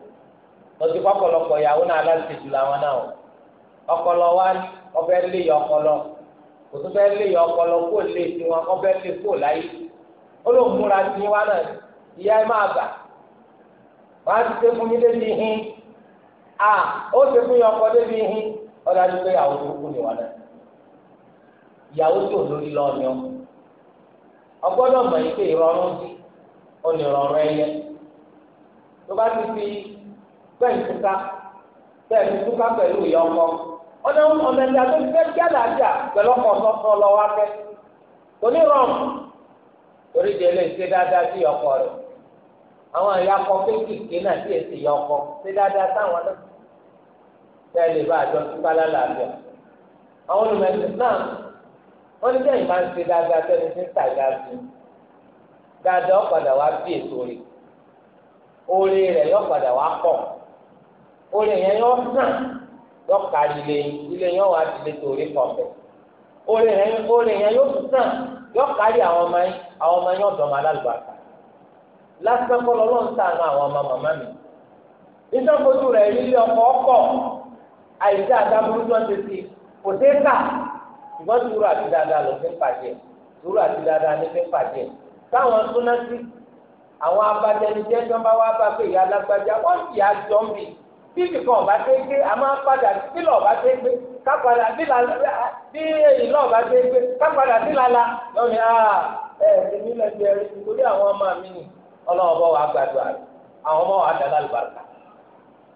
lọsí kọkọlọpọ na náà aláṣejù làwọn náà o ọkọlọ wa ọbẹ lé yọ ọkọlọ kò tún fẹ́ yọ ọkọlọ kó lé tiwọn ọbẹ lé kó láyé olóòmúra náà ìyá ẹ máa bà wọn á ti ṣe fún yín débi a ó ṣe fún yín ọkọ débi hin ọdọ àti pé ìyàwó ni wọn náà tó lórí ọgbọ́dọ̀ mọ̀ yìí pé ìrọ̀rùn ẹ̀yẹ tó bá ti bẹ́ẹ̀ túká bẹ́ẹ̀ túká pẹ̀lú ìyá ọkọ ọdún ọmọ ẹ̀dá tó fẹ́ kí àlàáfíà pẹ̀lú ọkọ lọ wá fẹ́ kò ní rọrùn torí de lè ṣe dáadáa sí ọkọ rẹ àwọn ọkọ náà sì èsì ọkọ ṣe dáadáa sáwọn náà bẹ́ẹ̀ lè bá àjọ àwọn náà wọ́n ní ń ṣe dáadáa sẹ́ni orí yẹn yọ hàn lọ́kàrí ilé ilé yẹn wà ti lè torí orí yẹn orí yẹn yóò hàn lọ́kàrí àwọn ọmọ yẹn àwọn ọmọ yẹn ọ̀dọ́mọ alálùbáta lásìkò ń àwọn ọmọ màmá mi ìsọfójú rẹ̀ lílé ọkọ̀ ọkọ àìsí àdáburú tó ń ṣe àti dáadáa bí nìkan ọba ṣe gbé a máa padà sílọ̀ ọba ṣe ká padà sílà bí èyí lọ́ọ̀ ọba ká padà a ẹ̀ nítorí àwọn ọmọ mi nì ọlọ́wọ́ bọ́ wàá gbàdúrà àwọn ọmọ wàá dàgbà lùbàdà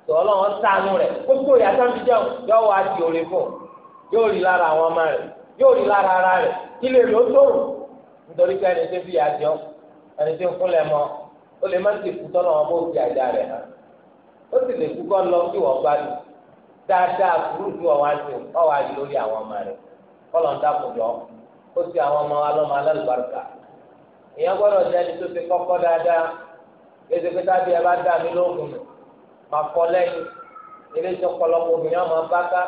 tó ọlọ́wọ́ sànù rẹ̀ gbogbo jẹun wá di ọmọ yóò ara ló nítorí pé ẹni tó fi àjọ ẹni tó ó lè má ti kú bó fi ó sì lè kúkọ́ lọ kí wọ́n gbádùn dáadáa kúrú tí wọ́n wá sí ọwọ́ àyè lórí àwọn ọmọ rẹ̀ kọ́lọ̀ ń dàpọ̀ yọ ó sì àwọn ọmọ wa lọ́mọ alálùbáríkà èèyàn gbọ́dọ̀ jẹ́ ẹni tó ti kọ́kọ́ dáadáa ètò pé tábí ẹ bá dá mi lóògùn mà kọ́ lẹ́yìn ilé tó kọlọ́kọ́ obìnrin ọmọ bá ká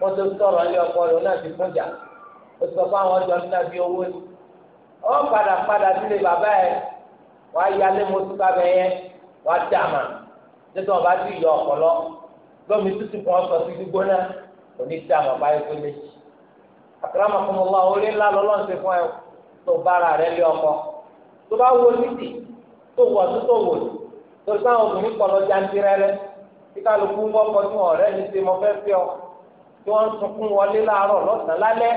tó sọ̀rọ̀ ilé ọkọ rẹ̀ náà ti fún jà ó sọ fún àwọn ọjọ́ nígbà bíi owó ni ọ padà padà sílé bàbá ẹ wàá yálé mọ́tò kábẹ́ yẹn wàá dàmà nítorí wọn bá ti yọ ọpọlọ lómi tútù kan sọ sí gbígbóná òní tí àwọn bá yẹ pé méjì àkàràmọ fún mi wá orí ńlá lọlọ́n ṣe fún ẹ tó bára rẹ lé ọkọ tó bá wo títì tó wọ̀ tó tó wò tó sáwọn obìnrin kọlọ jantirẹ rẹ kí kálukú ń wọ́pọ̀ tí wọn ọ̀rẹ́ mi ṣe mọ fẹ́ fi ọ tí wọ́n ń sunkún wọlé láàárọ̀ lọ́sàn-án lálẹ́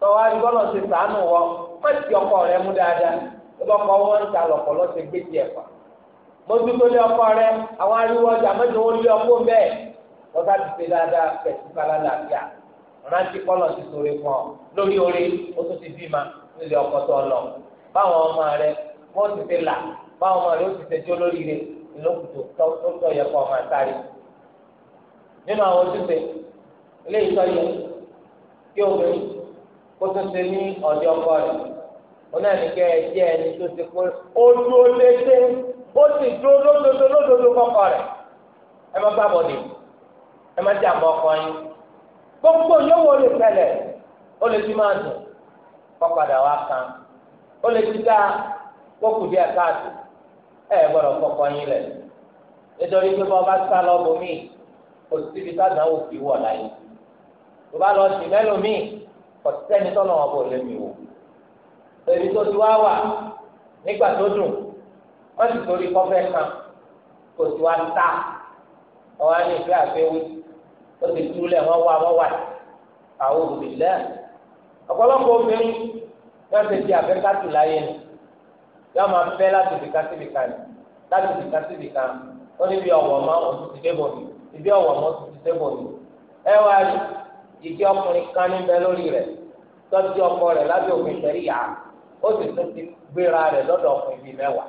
tọ́wọ́ arígbọ́lọ̀ ṣe sàánù wọ mọ́tì ọkọ rẹ mú dáadáa tó bá kọ́ wọ́n ń ta lọ̀pọ̀ lọ́sẹ̀ gbé tiẹ̀ pa mójútó lé ọkọ rẹ àwọn ariwo ọjà mẹ́jọ wọn lé ọkọ mbẹ wọn bá ti ṣe dáadáa pẹ̀lú kálá làbíà rántí kọlọ ti sọ̀rọ̀ fún ọ lórí orí ó tún ti bímọ nílé ọkọ tó lọ báwọn ọmọ rẹ wọn ti ti là báwọn ọmọ rẹ ó ti tẹjọ lórí rẹ ìlókùtò tó tọ yẹ kọ ọmọ àtàrí nínú àwọn ojúṣe ilé ìtọ́jú kí obìnrin kó tó ṣe ní ọ̀dẹ ọkọ rẹ ó náà ẹni tó ti pé ó dúró léṣe ó sì dúró lódodo lódodo kọkọ rẹ̀ ẹ má gbàgbọ́ ni ẹ má jà mọ́ ọkọ yín gbogbo yòówó lè tẹ̀lẹ̀ ó lè ti máa dùn kọ́padà wá kan ó lè ti dá kókù díẹ̀ káàdì ẹ gbọ́dọ̀ kọ́kọ́ yín lẹ̀ nítorí pé bọ́ bá sá lọ bomi kò síbi sádàáwò fi wọ̀ láyé tó bá lọ sí mẹ́lòmíì kò sẹ́ni tọ́lọ̀ wọn bò lé mi wò ebi tó ti wá wà nígbà tó dùn wọ́n ti torí kọ́fẹ́ kan kò sí wa ta ọ̀wá ní ìfẹ́ àfẹ́wé ó ti túlẹ̀ wọ́n wá wọ́n wà àwọn òbílẹ̀ ọ̀pọ̀lọpọ̀ obìnrin wọ́n ti di àfẹ́kátì láyé ni yọ́n máa fẹ́ láti bìkà síbi kan láti bìkà síbi kan ó níbi ọ̀wọ̀ mọ́ oṣù ti débò mi ibi ọ̀wọ̀ mọ́ oṣù ti débò mi ẹ wá rí ìdí ọkùnrin kan níbẹ̀ lórí rẹ̀ tọ́jú ọkọ rẹ̀ lábẹ́ òfin ṣẹ̀ríyà ó sì tún ti gbéra rẹ̀ lọ́dọ̀ ọkùnrin bíi mẹ́wàá.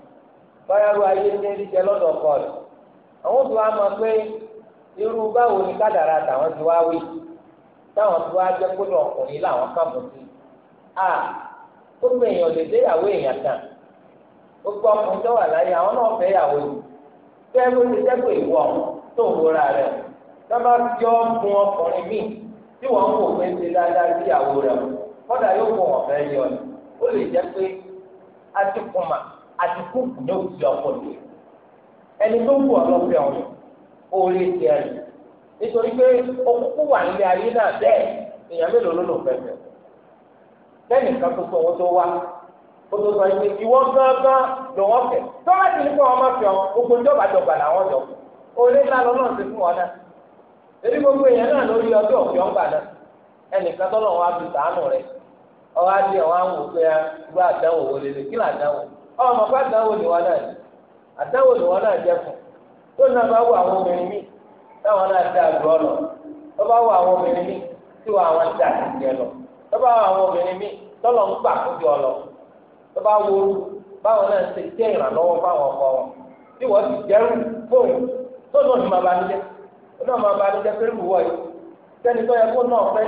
báyàrú ayé ń lérí jẹ lọ́dọ̀ ọkọ rẹ̀ àwọn tó wá mọ̀ pé irú báwo ni kádàrà tàwọn ti wá a gbogbo èèyàn lè dé ìyàwó èèyàn taa o ọkùnrin tó wà láyé àwọn náà fẹ́ ìyàwó yìí fẹ́ ló ti ìwọ tó ń rora ọkùnrin míì tí wọ́n dáadáa sí ìyàwó kọ́dà yóò yọ ọ́ àdìkú ní òsì ọpọlọ ẹni tó wù ọ lọfẹ ọhún orí tiẹ̀ rẹ̀ nítorí pé wà nílé ayé náà èèyàn mélòó ló lò fẹfẹ kan tó sọ tó wá tó sọ ìwọ gángan fẹ ti ní kó wọn má fi ọ gbogbo ìjọba làwọn jọ lọ náà ti fún náà gbogbo èèyàn náà lórí ọgbà náà ọmọ fún àtàwọn òníwà náà ni àtàwọn náà jẹ fún tó náà bá wọ àwọn obìnrin mi táwọn náà dá àdúrà lọ tó bá wọ àwọn obìnrin mi tí wọn àwọn dá lọ tó bá wọ àwọn obìnrin mi tọlọ ń gbà fún lọ ọkọ wọn tí wọn ti tó náà ní bá níjẹ tó náà bá níjẹ pé yìí sẹni tó yẹ kó náà fẹ́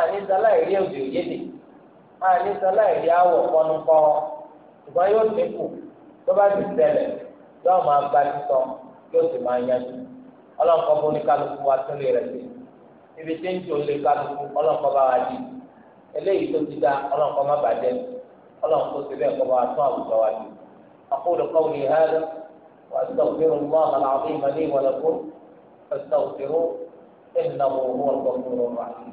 àní sálá ìrí òdì òyedè àní sálá ìrí awọ kọnukọ ṣùgbọ́n yóò dínkù tó bá ti ṣẹlẹ̀ yóò máa gba títọ́ yóò sì máa yanjú ọlọ́nkọ́ bó ní kálukú wa tún lè rẹ̀ sí ibi tí ń jò lè kálukú ọlọ́nkọ́ bá wa di eléyìí tó ti da ọlọ́nkọ́ má bàjẹ́ ọlọ́nkọ́ sì bẹ́ẹ̀ kọ́ bá wa tún àwùjọ wa di أقول قولي هذا وأستغفر الله العظيم لي ولكم فاستغفروه إنه هو الغفور الرحيم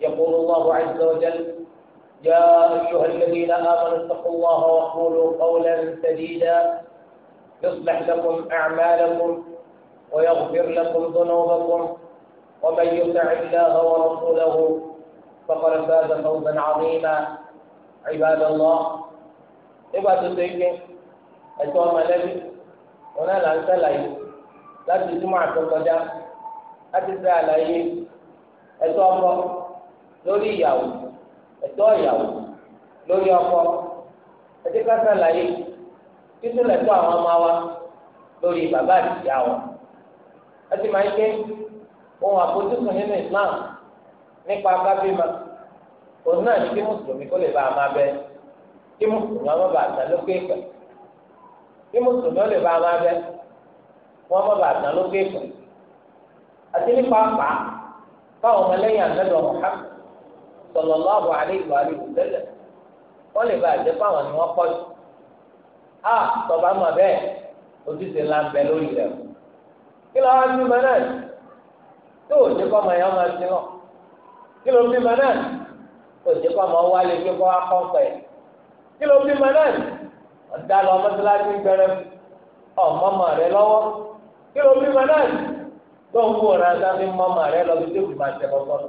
يقول الله عز وجل يا أيها الذين آمنوا اتقوا الله وقولوا قولا سديدا يصلح لكم أعمالكم ويغفر لكم ذنوبكم ومن يطع الله ورسوله فقد فاز فوزا عظيما عباد الله عباد الله أتوا ملبي هنا لا لي لا تجمع تقدا أتسأل أي أتوا lórí ìyàwó ẹ̀tọ́ ìyàwó lórí ọkọ ẹtí ká sàlàyé títún lẹ́tọ́ àwọn ọmọ wa lórí bàbá àtìyá wọn ẹtì máa ń gbé ohun àfojúsùn nínú Islam nípa kábímà òun náà ní kí mùsùlùmí kó lè bá a máa bẹ kí mùsùlùmí ọmọ pẹ kí mùsùlùmí ó lè bá a máa bẹ wọn ọmọ pẹ àti nípa báwọn sallallahu alaihi wa alihi wasallam wọn lè bá àjẹpọ àwọn ni wọn pọ jù á tọba mọ bẹ́ẹ̀ ojúṣe ńlá ń bẹ lórí rẹ kí ló wá ń bímọ náà tó o jẹ kọ́ ọmọ yẹn máa ti lọ kí ló ń bímọ náà tó o jẹ kọ́ ọmọ wa lè gbé kọ́ akọ́kọ́ yẹn kí ló ń bímọ náà ọ̀dà lọ mọ́tíláṣí gbẹrẹ ọmọ ọmọ rẹ lọ́wọ́ kí ló ń bímọ náà tó ń wò ọ̀rọ̀ ajá fi rẹ lọ bí tó fi máa tẹ̀ bọ́ bọ́ọ̀lù.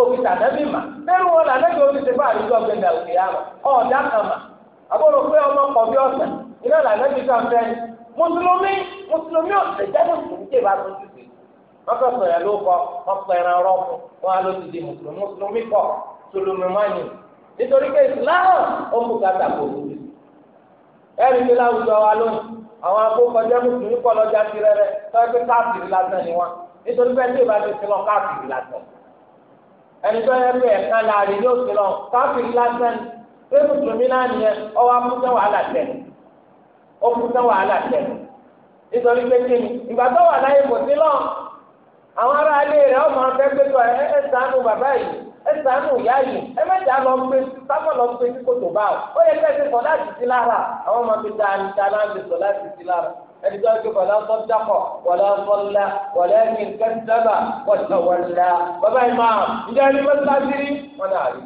òfin tànẹ́bì mà lẹ́nu wọn lànẹ́bì òfin ti fáàrí tó gbẹ̀dà òkè àmà ọ̀dà kan mà àbúrò pé ọmọ kọ̀ bí ọ̀sẹ̀ iná lànẹ́bì kan mùsùlùmí mùsùlùmí jáde tó ti ló kọ ẹran wọn á ló ti di mùsùlùmí mùsùlùmí kọ nítorí pé ó kàtà kò mi láwùjọ wa àwọn mùsùlùmí ẹni tó yẹ pé ẹ̀ka láàrin yóò ti lọ káfíìn lásán pé mùsùlùmí náà nìyẹn ọwọ́ akúntẹ́ wàhálà tẹ̀ ó wàhálà nítorí wà láyé kò sí lọ àwọn ará ilé rẹ̀ ọmọ afẹ́ ẹ ẹ bàbá yìí ẹ ìyá yìí ẹ lọ pé sábà lọ pé kí ọ ó yẹ kẹ́sì sọ láti lára àwọn ọmọ sọ láti ẹni tó ẹgbẹ́ fọlá sọ́dọ̀kọ̀ wọlé sọ́lá wọlé kẹsẹ́bà bàbá ǹjẹ́ ẹni bá sábìrì wọn náà rí.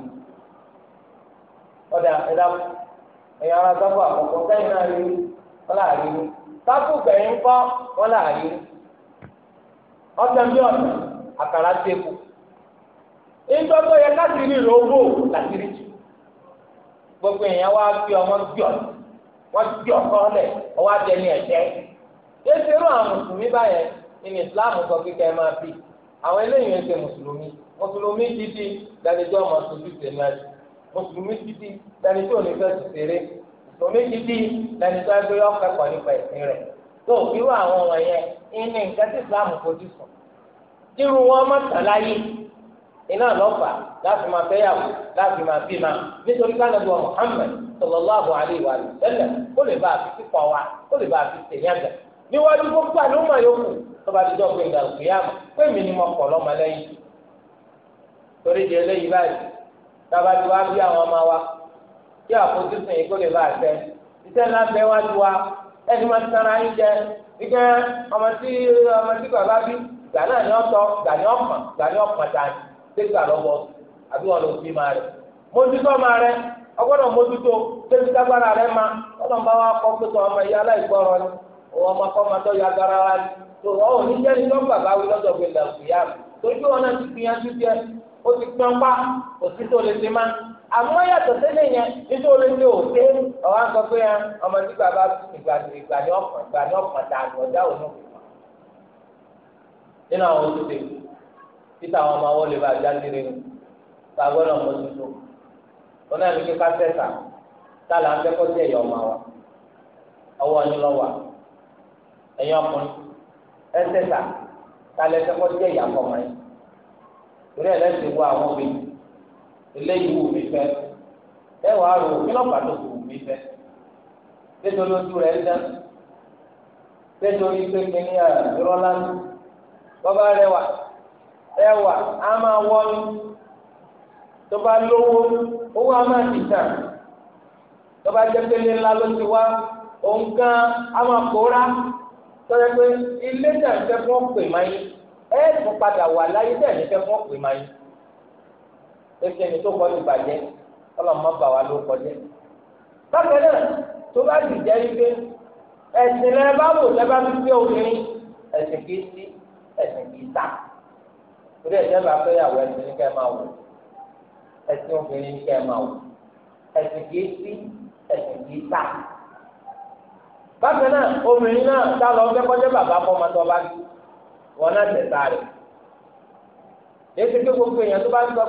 ọ̀dà ẹ̀dá ẹ̀yà ara sábà àkọ́kọ́ sẹ́yìn náà rí wọn náà rí sábù gbẹ̀yìn kọ́ wọn náà rí ọ̀sẹ̀ ọ̀sẹ̀ àkàrà yẹ káàkiri owó jù gbogbo èèyàn wá bí ọmọ bí ọ̀sẹ̀ wọ́n ti kéṣe irú àwọn mùsùlùmí báyẹn ní islam sọ pé kẹ́ ẹ máa bì àwọn eléyìí ń ṣe mùsùlùmí mùsùlùmí títí dánidọ́ ọmọ sojú ṣe náà mùsùlùmí títí dánidọ́ òní fẹ́ ti ṣeré mùsùlùmí títí dánidọ́ ẹgbẹ́ yọ kẹ́kọ̀ọ́ nípa ẹ̀sìn rẹ̀ tó irú àwọn wọ̀nyẹn ìní nǹkan tí islam fojú sùn irú wọn mọ̀tàláyé iná lọ́fà láti máa fẹ́yàwó láti máa bímọ nítorí kánàbọ̀ Muhammad sallallahu alayhi wa sallam ó lè bá a fi kíkọ wa ó lè bá a fi tẹ̀yàgà níwájú gbogbo àlùmọ̀ yòókù tọ́ba ti dọ́gbé ìdàgbé ya pé mi ni mo kọ̀ lọ́mọ lẹ́yìn torí di eléyìí báyìí tába ti wá bí àwọn ọmọ wa kí àfojúsùn yìí kó lè bá àtẹ iṣẹ́ ńlá bẹ́ẹ̀ wá ju wa ẹni máa ti yín jẹ ike ọmọ tí ọmọ tí bàbá bí gbà náà ni gbà gbà lọ́wọ́ àbí wọn lọ bí máa mójútó máa ọgbọ́dọ̀ mójútó ọlọ́mọba wa kọ́ òun ọmọ kọ́mọ tó ya gara wa ni tó wọn ò ní jẹ́ni tó ń bàbá wí lọ́dọ̀ pé làkùn yá mi torí wọn náà ti gbìyànjú jẹ ó ti pọ́n pa kò sí tó lè ṣe má àmọ́ yàtọ̀ sílẹ̀ yẹn nítorí pé ò dé ọ̀wá sọ pé ah, ọmọ tí bàbá ìgbà ìgbà ní ọ̀pọ̀ ìgbà ní ọ̀pọ̀ tà ní ọjà òun nínú àwọn ojúde títà àwọn ọmọ àwọn olè bá jáde fagbọ́dọ̀ mọ́tòtò ọ̀nà ìlú kíkà sẹ́sà tá a là ń fẹ́ kọ́ sí ẹ̀yọ́ ọmọ wa ọwọ́ ni lọ́wọ́ ẹ̀yin ọkùnrin ẹsẹ̀ ta talẹ̀ ẹsẹ̀ kọ́ jẹ́ ìyá ọkùnrin torí ẹ̀ lẹ́sìn wọ àwọn obìnrin eléyìí wù mí fẹ́ ẹ wàá rò kí lọ́ọ̀bà tó wù mí fẹ́ nítorí ojú rẹ̀ ń dán nítorí pé kìíní àdúró lánàá bọ́bá rẹwà ẹwà á máa wọ́nú tó bá lówó owó á máa dìtà tó bá jẹ́ pé ńlá ló ti wá òun gan á máa kóra tọ́jà pé ilé náà ń fẹ́ fún pè máa yín ẹ tún padà wà láyé náà ń fẹ́ fún pè máa yín ẹsẹ̀ ní tó kọjú bàjẹ́ ọlọ́mọ bà wá ló kọjá bákan náà tó bá sì jẹ́ wípé ẹ̀sìn náà bá wò lẹ́bàá fi gbé obìnrin ẹ̀sìn kìí sí ẹ̀sìn kìí tà torí ẹ̀sìn bá fẹ́ yàwó ẹ̀sìn ní kẹ́ máa wò ẹ̀sìn obìnrin ní kẹ́ máa wò ẹ̀sìn kìí sí ẹ̀sìn kìí tà. bákan náà obìnrin náà tá lọ fẹ́ kọjá bàbá fọmọ tó bá ti wọn náà tẹ̀ sáré èsì gbogbo èèyàn tó ọ náà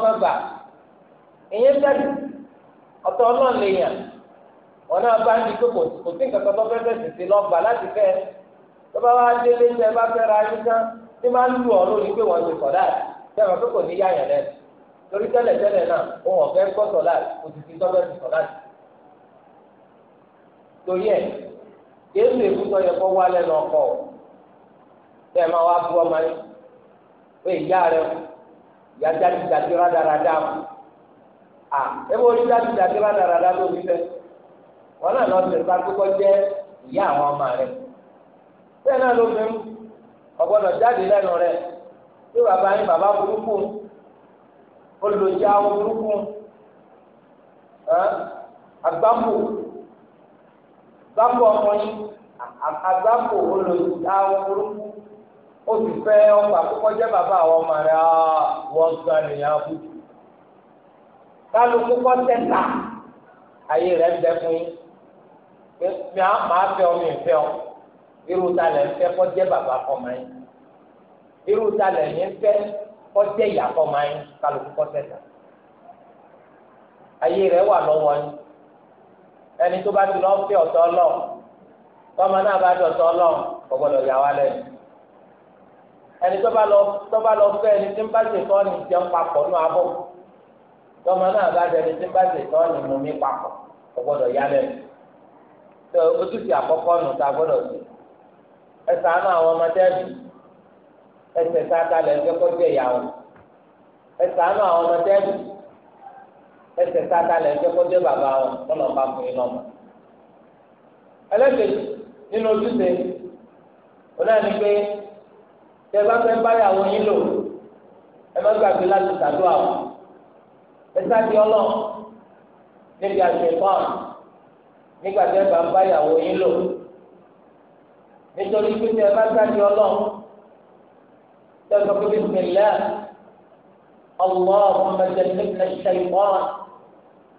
fẹ́ gbà ìyẹn ọ̀tọ̀ náà wọn náà bá ń di pé kò sí nǹkan tó fẹ́ fẹ́ tètè lọ́gbà láti fẹ́ tó bá wá délé tẹ bá fẹ́ ra ayé tán tí máa ń lórí pé wọ́n ti torí ẹ yéésù èkútọ yẹ kó wálé lọkọ tẹ ẹ máa wá bú ọmọ yìí pé ìyá rẹ ìyá jáde jáde rádaràdà mu à ebe orí jáde jáde fi fẹ wọn náà lọ sí ẹgbẹ jẹ ìyá àwọn ọmọ rẹ náà ló fi jáde rẹ tí bàbá yín bàbá burúkú burúkú gbapò ọmọ yín agbapò olùdáwọ orúkú ó sì fẹ́ ọkọ àkọ́kọ́ jẹ́ bàbá àwọn ọmọ rẹ̀ ah, wọ́n gbà nìyà bù. kálukú kọ́ tẹ́ta ayé rẹ̀ ń bẹ fún yín mi à máa fẹ́ ọ mi fẹ́ ọ irú ta lẹ̀ ń fẹ́ kọ́ jẹ́ bàbá fọmọ yín irú ta lẹ̀ ń fẹ́ kọ́ jẹ́ ìyá fọmọ yín kálukú kọ́ ayé rẹ̀ wà lọ́wọ́ yín ẹni tó bá ti lọ fẹ́ ọ̀tọ̀ lọ tọ́mọ náà bá dọ̀tọ̀ lọ kò gbọdọ̀ yà wá lẹ́nu ẹni tó bá lọ tó bá lọ fẹ́ ẹni tí ń bá ṣe tọ́ ni jẹun papọ̀ nù abọ́ tọ́mọ náà bá dẹni tí ń bá ṣe tọ́ ni mú mi papọ̀ kò gbọdọ̀ yà lẹ́nu tó ojúṣe àkọ́kọ́ nù tá a gbọdọ̀ ṣe ẹsẹ̀ àánú àwọn ọmọdé ẹ̀dùn ẹsẹ̀ sáà kalẹ̀ ẹgbẹ́ kọjá ìyàwó ẹsẹ̀ àánú àwọn ọmọdé ẹ̀dùn ẹsẹ̀ tata lẹ̀ ẹgbẹ́ kọjá bàbá wọn kọ́nà bá fún yín lọ́mọ. ẹlẹ́kẹ̀ẹ́ nínú ojúṣe òun náà ní pé tẹ bá fẹ́ báyàwó yín lò ẹ má gbàgbé láti ṣàdúrà o ẹ sáàdì ọlọ níbi àṣẹ fún nígbà tẹ bá báyàwó yín lò nítorí pé tẹ bá sáàdì ọlọ tẹ sọ pé bísí lẹ́ẹ̀. اللهم جنبنا الشيطان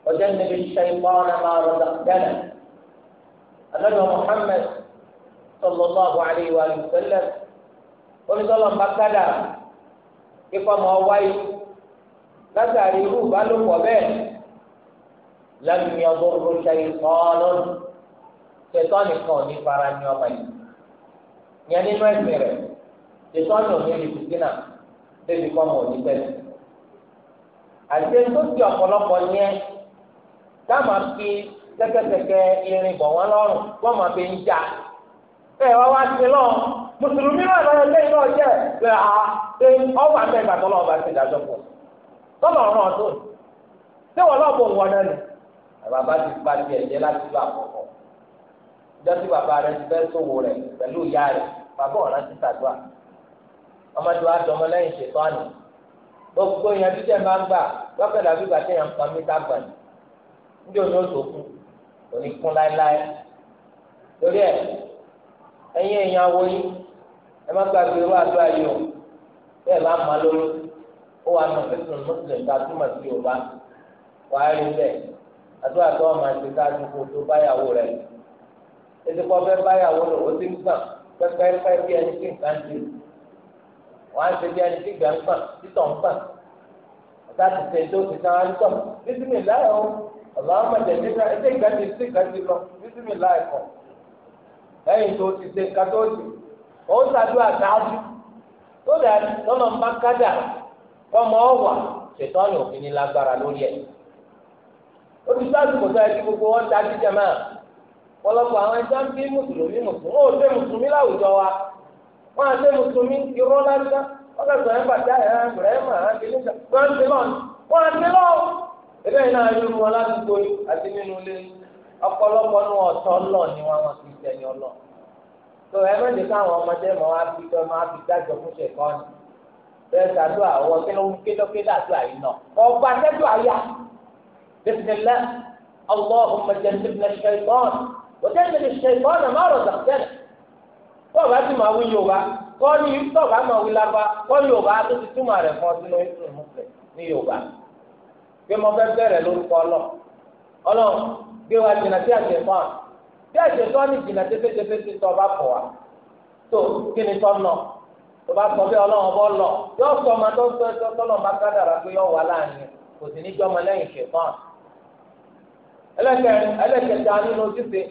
وجنب الشيطان ما رزقتنا النبي محمد صلى الله عليه وآله وسلم ونصلى بكذا كيف ما واي لا تعرف بالك وبين لم يضر شيطان شيطان كون فران يومين يعني ما يسمعه شيطان يومين يسكنا تبي كم هو يبين àti ẹni tó ti ọ̀pọ̀lọpọ̀ yẹn táwọn máa fi tẹ́kẹ́tẹ́kẹ́ irin bọ̀ wọ́n lọ́rùn wọ́n máa fi ń jà ẹ wá wá sí lọ mùsùlùmí náà lọ lẹ́yìn náà jẹ́ pé a ṣe ọgbà mẹ́ta tọ́lọ́ ọba ti dájọ́ pọ̀ tọ́lọ̀ ọ̀ràn ọ̀tún ṣé wọ́n lọ́ bọ̀ wọ́n náà ni bàbá ti pa tiẹ̀ jẹ́ láti bá àkọ́kọ́ jọ́sí bàbá rẹ̀ ti fẹ́ sòwò rẹ̀ pẹ̀lú ìyá rẹ̀ bàbá ọ̀ràn ti sàdúrà ọmọdé wa dọmọ lẹ́yìn ṣètọ́ àná gbogbo ìyẹn tó jẹ́ máa ń gbà lọ́kẹ́ dàbí ndí òní òsòkun òní kún láéláé torí ẹ ẹ̀yin èèyàn awo yìí ẹ má gbàgbé wá àdó ayé o bẹ́ẹ̀ bá má lórí ó wà nù fífún mùsùlùmí ká túmọ̀ sí yorùbá wà á rí bẹ́ẹ̀ àdó àtọ ọmọ àti káàdì kó tó báyàwó rẹ ètò kọ báyàwó rẹ ó ti ń gbà pẹpẹpẹ bí ẹni tí nǹkan ti wọn á ṣe bí ẹni tí gbà ń gbà títọ̀ ń gbà ọ̀tá ti ṣe tó ti sáwọn àdúgbò bísí mi láyọ̀ o. ọlọ́mọ jẹ̀dí náà ẹsẹ̀ ìgbàdì sí lọ títí lẹ́yìn tó ti ṣe ó ṣàdúrà tó lọ́nà bá kọ́mọ ọ̀wà ṣètọ́nù òfin lágbára lórí ẹ̀ ó ti gbogbo wọn da jíjẹ máa pọ̀lọpọ̀ àwọn ẹja ń bí mùsùlùmí mùsùlùmí ó ṣe mùsùlùmí láwùjọ wa wọn àṣẹ mùsùlùmí irọ́ lásán wọn kẹsàn-án bàtà ẹ̀ ebe yìí náà yóò wọn láti gbóyè àti nínú ilé ọtọ lọ ni wọn wọn ti tẹ ní ọlọ tó ẹ ọmọdé mọ wá fi tọ máa fi dájọ fún ṣèkọ ni bẹ́ẹ̀ sàdó àwọn àyè náà àyà ma tó ti máa kọ́ ni tó máa kọ́ tó ti túmọ̀ rẹ̀ fún ọ pé mo fẹ́ bẹ̀rẹ̀ lórúkọ ọlọ́ ọlọ́run gbé wa jìnnà sí àjẹsán sí àjẹsán ní jìnnà tẹ́fẹ́tẹ́fẹ́ ti tọ́ ọba pọ̀ wá tó kí ni tọ́ nọ tó bá sọ pé ọlọ́run ọbọ̀ lọ yóò sọ ọmọ tó sọ ẹjọ́ tọ́lọ̀ bá kádàrà pé yóò wà láàrin kò sì ní jọ́ ọmọ lẹ́yìn ṣẹ̀fọ́n ẹlẹ́kẹta nínú ojúṣe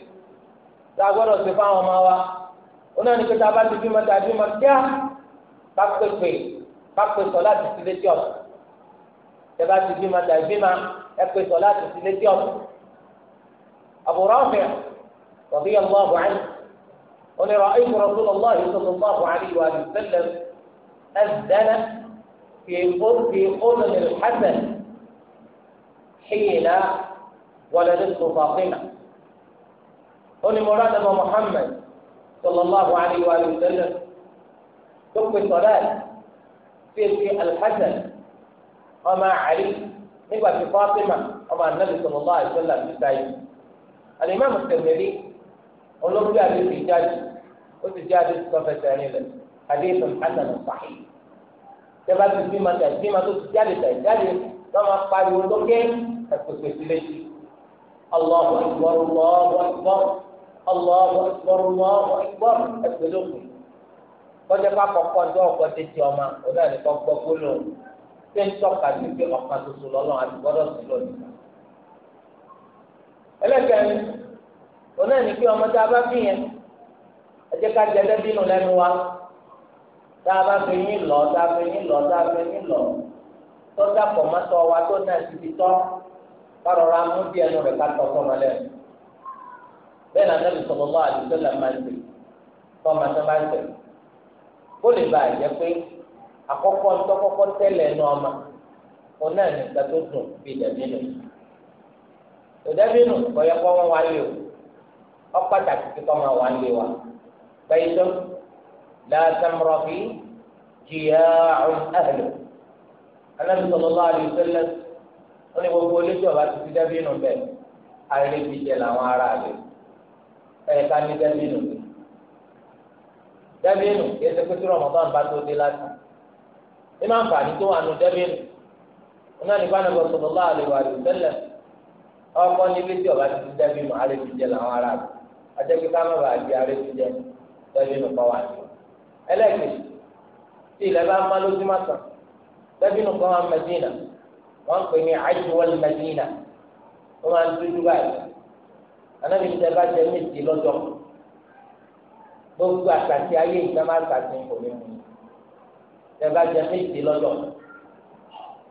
tá a gbọ́dọ̀ ṣe fáwọn ọmọ wa ó náà ní pé tá a bá ti bímọ tá a bímọ kíá bá pèpè bá pèsè ọ láti sílé tí ọ̀sán tẹ́bá ti bímọ tàbí bímọ ẹ pé sọ láti sílé tí ọ̀tún. Abu Rafi radiyallahu anhu قال رأيت رسول الله صلى الله عليه وآله وسلم أذن في قرب قرن الحسن حين ولدته فاطمة قال مراد أبو محمد صلى الله عليه وآله وسلم تقوي صلاة في الحسن ọmọ àlí nígbà tí fátímà ọmọ anábì sallallahu alaihi wasallam níta yìí alimami tẹmẹlí olóògbé àdéhùn ìjáde ó ti jẹ àdéhùn tó fẹsẹ̀ rìn lẹ àdéhùn hasan sahih tẹ́lá ti bímọ tẹ̀ bímọ tó ti jáde tẹ̀ jáde lọ́mọ pariwo lókè ẹ̀pẹ̀pẹ̀ sí létí Allahu akbar Allahu akbar Allahu akbar Allahu akbar ẹ̀pẹ̀ lókè kọjá pápọ̀ kọjá ọkọ̀ tètè ọmọ ọ̀nà ìkọ́ gbólóhùn ṣé ń tọ́ka sí pé ọ̀kan tuntun lọ́lọ́run àti gbọ́dọ̀ sí lónìí. ẹlẹ́kẹ̀rin òun náà ní pé ọmọ tá a bá bí yẹn ẹ jẹ́ ká jẹ dẹ́bínú lẹ́nu wa tá a bá fi yín lọ tá a fi yín lọ tá a fi yín lọ tó dàpọ̀ mọ́tọ́ wa tó náà ti fi tọ́ kárọ̀ra mú bí ẹnu rẹ̀ ká tọ́ fọmọ lẹ́nu. bẹ́ẹ̀ náà nẹ́bí sọ̀rọ̀ lọ́wọ́ àdìsọ́lá máa ń tẹ̀ fọmọ tó àkọ́kọ́ ntọkọkọ tẹ́lẹ̀ n'ọma kò náà ní nǹkan tó dùn bí dàbí nù dàbí nù bọyọ kọ wọn wá lé o ọpàtàkì kíkọ máa wá lé wa bẹyì tó làtàmúrọ fi jìyà ọhún ẹhẹlẹ anabi sọlọ lọ àlè sẹlẹ wọn ni gbogbo olójú ọba ti fi dàbí nù bẹ́ẹ̀ ayẹlẹ ti jẹ làwọn ará rẹ ẹ ká ní dàbí nù dàbí nù kí ẹsẹ pé tí rọmọdán dé láti nínú àǹfààní tó wà nù dẹ́bìrì wọn náà nípa nàbọ sọlọ lọ àlè wà lù tẹlẹ ọkọ níbi tí ọba ti ti dẹ́bìrì mọ àrẹ ti jẹ làwọn ará rẹ àtẹkí ká má bàa di àrẹ ti jẹ dẹ́bìrì nù kọ́ wà ní. ẹlẹ́kìtì tí ilẹ̀ bá má lójú má sàn dẹ́bìrì nù wà mẹ́dínà wọ́n pè ní àjùwọ́l mẹ́dínà wọ́n máa ń dúdú báyìí anábì tẹ bá jẹ méje lọ́jọ́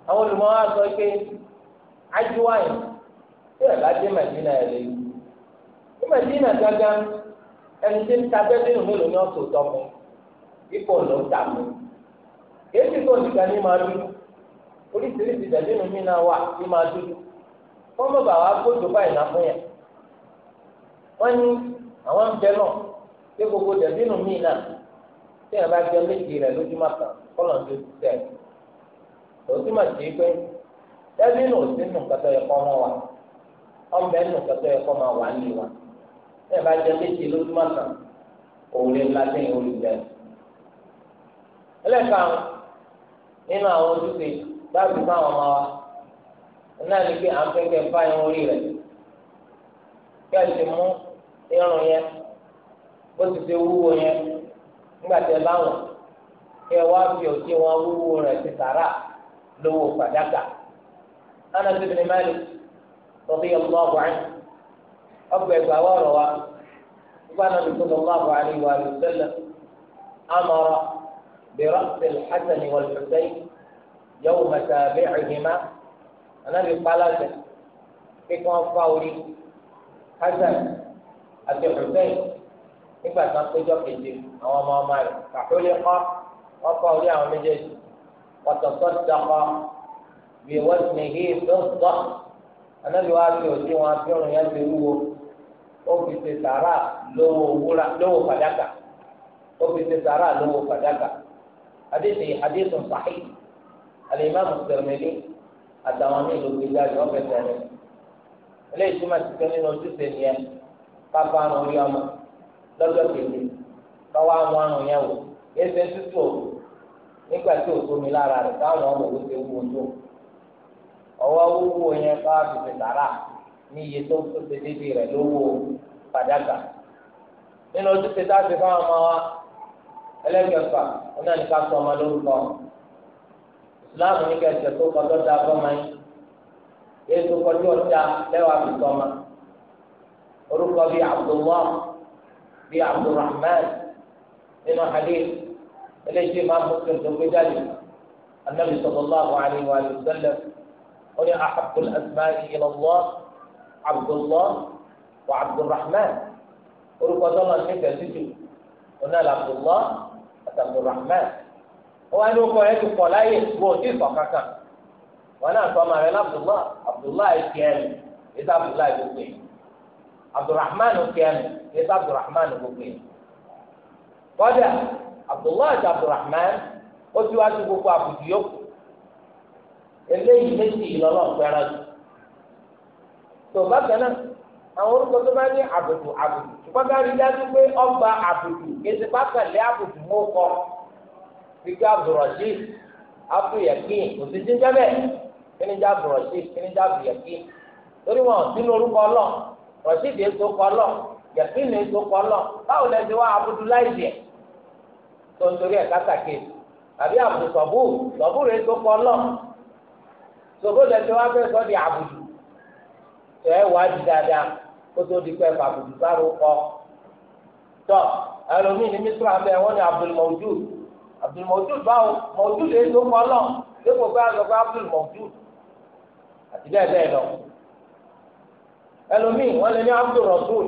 àwọn olùmọ̀ wa sọ pé ajiwáyé tí ẹ bá dé Mẹdínà ẹ lè lu ẹni tí ń ta bẹ́ẹ̀dínù mélòó ní ọ̀sọ̀ tọ́mọ ipò ló ń dààmú kéèké tó nìkan ní máa dúdú oríṣiríṣi bẹ́ẹ̀dínù mí náà wà ní gbódò báyìí náà fún ní àwọn ń bẹ náà gbogbo kọ́lọ̀ tó ti tẹ̀. Ó sì mà sí pé dẹ́bí nù sí nù kẹtọ́ yẹ kọ́ mọ́ wa. Ọ̀bẹ nù kẹtọ́ yẹ kọ́ wa. Ṣé ìbá jẹ méjì lójúmọ́ kan? Òwúrè ńlá sẹ́yìn olùjẹ́. Ẹlẹ́ka nínú àwọn ojúṣe dábì ọmọ wa. ni pé à ń irun orí Kí ẹ ti mú irun yẹn bó ti wúwo yẹn nígbà tí ẹ bá kí ẹ wá fi òkè wọn wúwo rẹ̀ ti sàrà lówó fàdákà Anas ibn Malik radiyallahu anhu ọgbà ẹgbà wọrọ wa nígbà náà lùkọ́ sallallahu alayhi wa sallam amara bi ra'si al-Hasan wal-Husayn yawma tabi'ihima anabi kpalasẹ kí wọn fa orí Hasan àti Husayn nígbà tí wọn péjọ kejì àwọn ọmọ ọmọ rẹ̀ kàkúlẹ̀ kọ́ ọkọ orí àwọn méjèèjì wàtọ̀tọ̀ dàpọ̀ bí wọ́n ti ní hí lọ́sọ̀ anábì wa fi òdi wọn fi ọrùn yẹn ti wúwo ó fi ṣe sàrà lówó wúrà lówó fàdákà ó fi ṣe sàrà lówó fàdákà adéṣe adéṣe sàhí alimami Tirmidhi àtàwọn míì ló gbé jáde ọbẹ tẹlẹ eléyìí nínú ojúṣe nìyẹn pápá àrùn orí ọmọ lọ́jọ́ kejì lọ́wọ́ àwọn àrùn yẹn wò yéé ṣe tútù òru nígbà tí òkú mi lára rẹ̀ káwọn ọmọ òwe ti wúwo tó ọwọ́ wúwo yẹn bá fìfì sàrà ní iye tó tó ṣe déédéé rẹ̀ lówó padàgà nínú ojúṣe tá a ti fáwọn ọmọ wa sọ ọmọ lórúkọ ìsìláàmù tó da yín fi sọmọ orúkọ bíi bíi Abdulrahman eléyìí máa mú kí n tó gbé jáde anabi sallallahu alayhi wa sallam ó ní ahabul asma'i ila Allah abdullah wa abdulrahman orúkọ tọ́lọ̀ ní kẹ̀sí jù ó náà abdullah àti abdulrahman ó wá ní orúkọ yẹn ti pọ̀ láyé wo ní ìfọ̀ kankan wọn náà sọ ọmọ rẹ ní abdullah abdullah ìkẹyìn ìdá abdullah ìgbókè yìí abdulrahman kẹnu yẹta abdulrahman gbogbo kọjá abdullahi àti abdulrahman ó ti wá sí gbogbo àbùdí yòókù eléyìí méjì lọ́nà fẹ́ràn jù tó bákan náà àwọn orúkọ tó bá ní àbùdù àbùdù ṣùgbọ́n ká rí dájú pé ọgbà àbùdù kéde pákàlẹ́ àbùdù mọ́ kọ́ fíkẹ́ abdulrasheed abdulyakin kò sí jíjẹ́ bẹ́ẹ̀ kí ni jẹ́ abdulrasheed kí ni jẹ́ abdulyakin torí wọn sínú orúkọ ọlọ́ọ̀ rọ̀ṣídìí èso kọ́ ọlọ́ọ̀ yàtí ní èso kọ́ ọlọ́ọ̀ báwo lẹ́sìn wá abudulayi yẹn tó ń torí ẹ̀ kátàkì àbí àbùdù sọ̀bù sọ̀bù rẹ̀ tó kọ́ lọ sọ̀bù rẹ̀ tó wá fẹ́ sọ́ di àbùdù tó ẹ̀ wá di dáadáa kó tó di pẹ́ fàbùdù sáró kọ́ tọ́ ẹlòmíì ní mísírà abẹ́ wọn ni Abdul Mawjud Abdul Mawjud báwo Mawjud rẹ̀ tó kọ́ lọ lẹ́kọ̀ọ́ bá lọ bá Abdul Mawjud àti bẹ́ẹ̀ bẹ́ẹ̀ lọ ẹlòmíì wọn lè ní Abdul Rasul.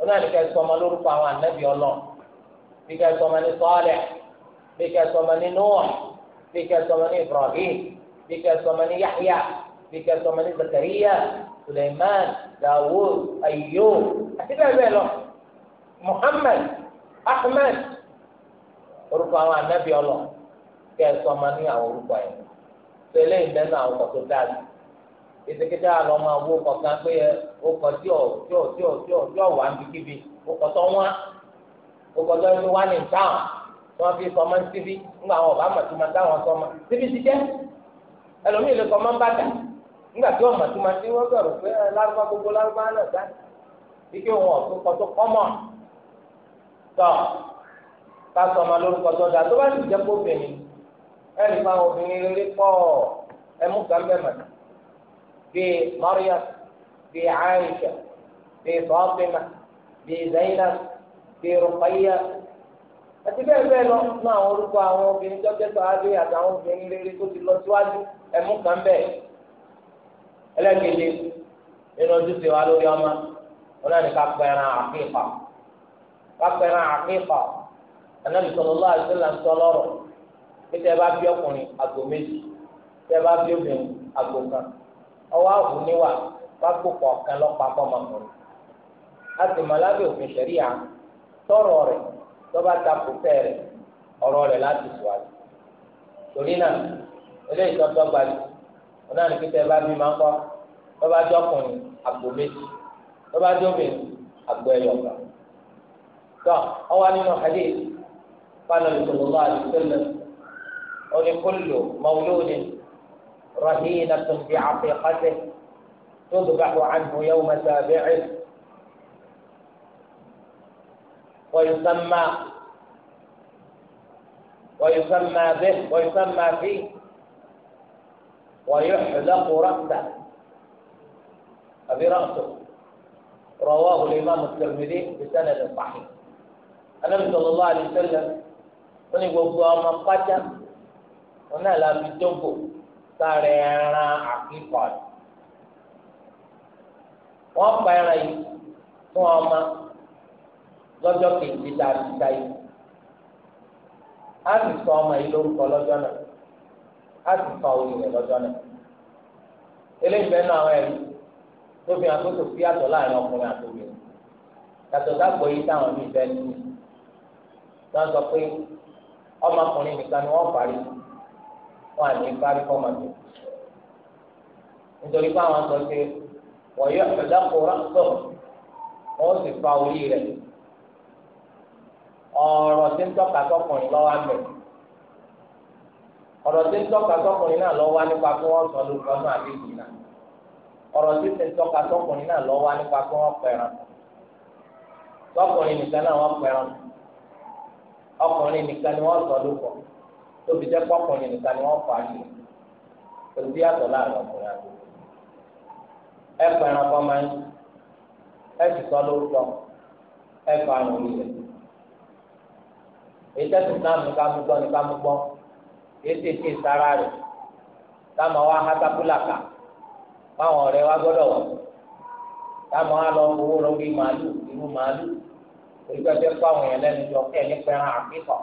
onáàlìkà ìsọmọ lórúkọ àwọn ànábì Ọlọ́run bí ká ìsọmọ ní Salih bí ká ìsọmọ ní Nuh bí ká ìsọmọ ní Ibrahim bí ká ìsọmọ ní Yahya bí ká ìsọmọ ní Zakariya Suleiman Dawud Ayyub àti bẹ́ẹ̀ bẹ́ẹ̀ lọ Muhammad Ahmed orúkọ àwọn ànábì Ọlọ́run ká ìsọmọ ní àwọn orúkọ yẹn tẹ́lẹ̀ ìbẹnu àwọn ọkọ tó kẹtẹkẹtẹ alọ máa wo kọkan pé ọkọ tí ọ tí ọ tí ọ tí ọ tí ọ wà níbikíbi ọkọ tó ọkọ tó wá ní táwọn wọn fi sọmọ ní síbi ńgbà wọn ọba àmọtí máa síbi ti jẹ ẹlòmíì lè ńgbà tí wọn àmọtí máa ti wọn gbogbo lárúbá náà dá ike wọn ọtún kọmọ tọ ká lórúkọ tó tó bá ti jẹ kó bẹ̀rẹ̀ ẹnì bíi Maryam bíi Aisha bíi Fatima bíi Zainab bíi Ruqayya àti bẹ́ẹ̀ bẹ́ẹ̀ lọ nínú àwọn orúkọ àwọn obìnrin jọ́jẹ́ sọ́hábí àtàwọn obìnrin rere tó ti lọ síwájú ẹ̀mú kan bẹ́ẹ̀ ẹlẹ́kẹ̀lẹ́ nínú ojúṣe wa lórí ọmọ wọn náà ní ká pẹran àkíkà ká pẹran àkíkà Ànábì sallallahu alaihi wasallam ń sọ lọ́rọ̀ pé tẹ́ bá bí ọkùnrin àgbo méjì tẹ́ bá bí obìnrin àgbo kan ọwọ́ àwù níwà wá gbòpọ̀ ọ̀kan lọ́pàpọ̀ mọ̀mọ́rẹ́ a sì mọ̀ lábẹ́ òfin ṣẹ̀ríà tọrọ rẹ̀ lọ́ba ta kùtẹ́ rẹ̀ ọ̀rọ̀ rẹ̀ láti sùwàlù torí náà eléyìí tó tọ́gba lù wọn náà ní pété bá bí máa ń kọ́ lọ́ba jọkùnrin àgbò méjì lọ́ba jọbìnrin àgbò ẹ̀yọ̀gbà tó ọwọ́ nínú hadith fanabi sallallahu alaihi wasallam رهينة بعقيقته تذبح عنه يوم سابعه ويسمى ويسمى به ويسمى فيه ويحلق رأسه أبي رأسه رواه الإمام الترمذي بسند صحيح النبي صلى الله عليه وسلم ونقول أما قتل ونالا في الجنب sára ẹran àkíkọ̀ rẹ̀ wọ́n pa ẹran yìí fún ọmọ lọ́jọ́ kejì dáadáa yìí a sì sọ ọmọ yìí lórúkọ lọ́jọ́ náà a sì sọ òye rẹ̀ lọ́jọ́ náà eléyìí bẹ́ẹ̀ náà ẹ̀rí tó fi hàn tó tó fi àtọ̀ láàrin ọkùnrin yàtọ̀ yìí táwọn bẹ́ẹ̀ ní wọ́n sọ pé ọmọkùnrin nìkan ni wọn àti parí kọ́ màmí nítorí pé àwọn sọ pé wọ́n yọ ọ̀dà kóra sọ wọ́n sì fa orí rẹ̀ ọ̀rọ̀ tí ń tọ́ka sọkùnrin lọ́wọ́ àmì ọ̀rọ̀ tí ń tọ́ka sọkùnrin náà lọ́wọ́ nípa kí wọ́n sọ lórúkọ náà àbí ìlú náà ọ̀rọ̀ tí ń tọ́ka sọkùnrin náà lọ́wọ́ nípa kí wọ́n pẹ̀ràn sọkùnrin nìkan náà wọ́n pẹ̀ràn ọkùnrin nìkan ni wọ́n sọ lórúkọ tó fi jẹ́ pọ́kùnrin nìkan ni wọ́n fà á yìí kò sí àtọ̀ láàrin ọkùnrin àti ẹ pẹ̀ràn kan máa ń ẹ sì sọ lórúkọ ẹ fà àrùn orí rẹ̀ èyí tẹ́sí náà ní ká mú gbọ́ ní ká mú gbọ́ èyí tẹ́ tí sára rẹ̀ táwọn wá hátákùlà kà fáwọn ọ̀rẹ́ wa gbọ́dọ̀ wọ̀ táwọn á lọ fowó màálù irú màálù èyí tó fáwọn yẹn lẹ́nu jọ kẹ́ ní pẹ̀ràn àkíkọ̀ọ́.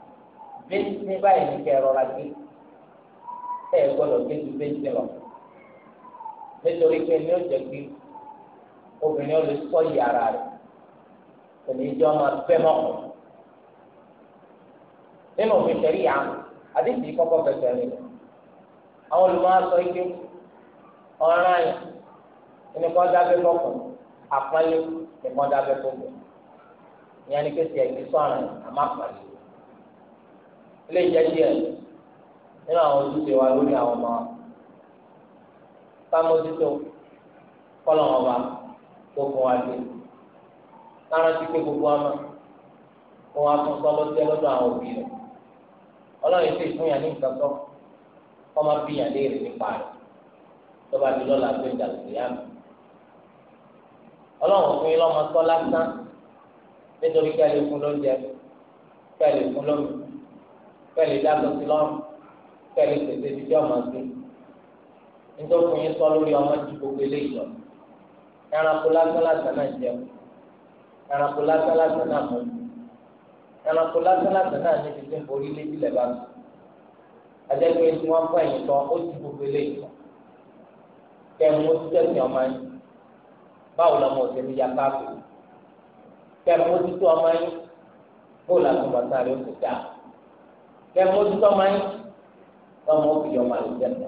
bẹ́ẹ̀ni ní báyìí ní kẹ́ rọra gbé ẹ gbọ́dọ̀ gbé ju bẹ́ẹ̀ni lọ nítorí pé ní ọjọ́ gbé obìnrin ó lè sọ yìí ara rẹ̀ kò ní jọ máa bẹ́ mọ́ nínú òfin tẹ̀lé yà àdéhùn yìí kọ́kọ́ fẹsẹ̀ rẹ̀ àwọn olùmọ̀ aṣọ ike ọ̀ràn yìí ẹnìkan dábẹ́ fọkùn àpọ́nlé ẹnìkan dábẹ́ fọkùn ìyẹn ni kí tiẹ̀ gbé sọ̀rọ̀ àmọ́ àpọ́nlé ilé ìjẹ́ díẹ̀ nínú àwọn ojúṣe wa lórí àwọn ọmọ kámójútó kọ́lọ̀ ọba gbogbo wa dé kárántí pé gbogbo wa mọ̀ kó wa tún sọ́lọ́ jẹ́ lọ́dọ̀ àwọn òbí rẹ̀ ọlọ́run sì fún yàn ní nǹkan tó kọ́ máa bí yàn léèrè nípa rẹ̀ tó bá di lọ́la tó ń dà lórí àmì ọlọ́run fún yín lọ́mọ tọ́ lásán nítorí kí a lè fún lóúnjẹ kí a lè fún lómi kẹlẹ dájọ sí lọ́rùn kẹlẹ tètè ti dé ọmọ sí nítorí yín sọ lórí ọmọ ju gbogbo eléyìí lọ ẹranko lásán lásán náà jẹ ẹranko lásán lásán náà mọ ẹranko lásán lásán náà níbi tí ń borí lébi lẹba sùn adẹ́gbẹ́ tí wọ́n fọ ẹ̀yìn tán ó ju gbogbo eléyìí lọ kẹmu ó ti tẹ̀sí ọmọ yín báwo lọmọ òsèlú ya káàkiri kẹmu ó ti tó ọmọ yín bóòlù àtúmọ̀tán rẹ̀ ó ti dáa kẹ mójútó ọmọ yín tọmọ ó fi ọmọ àlùjẹ nà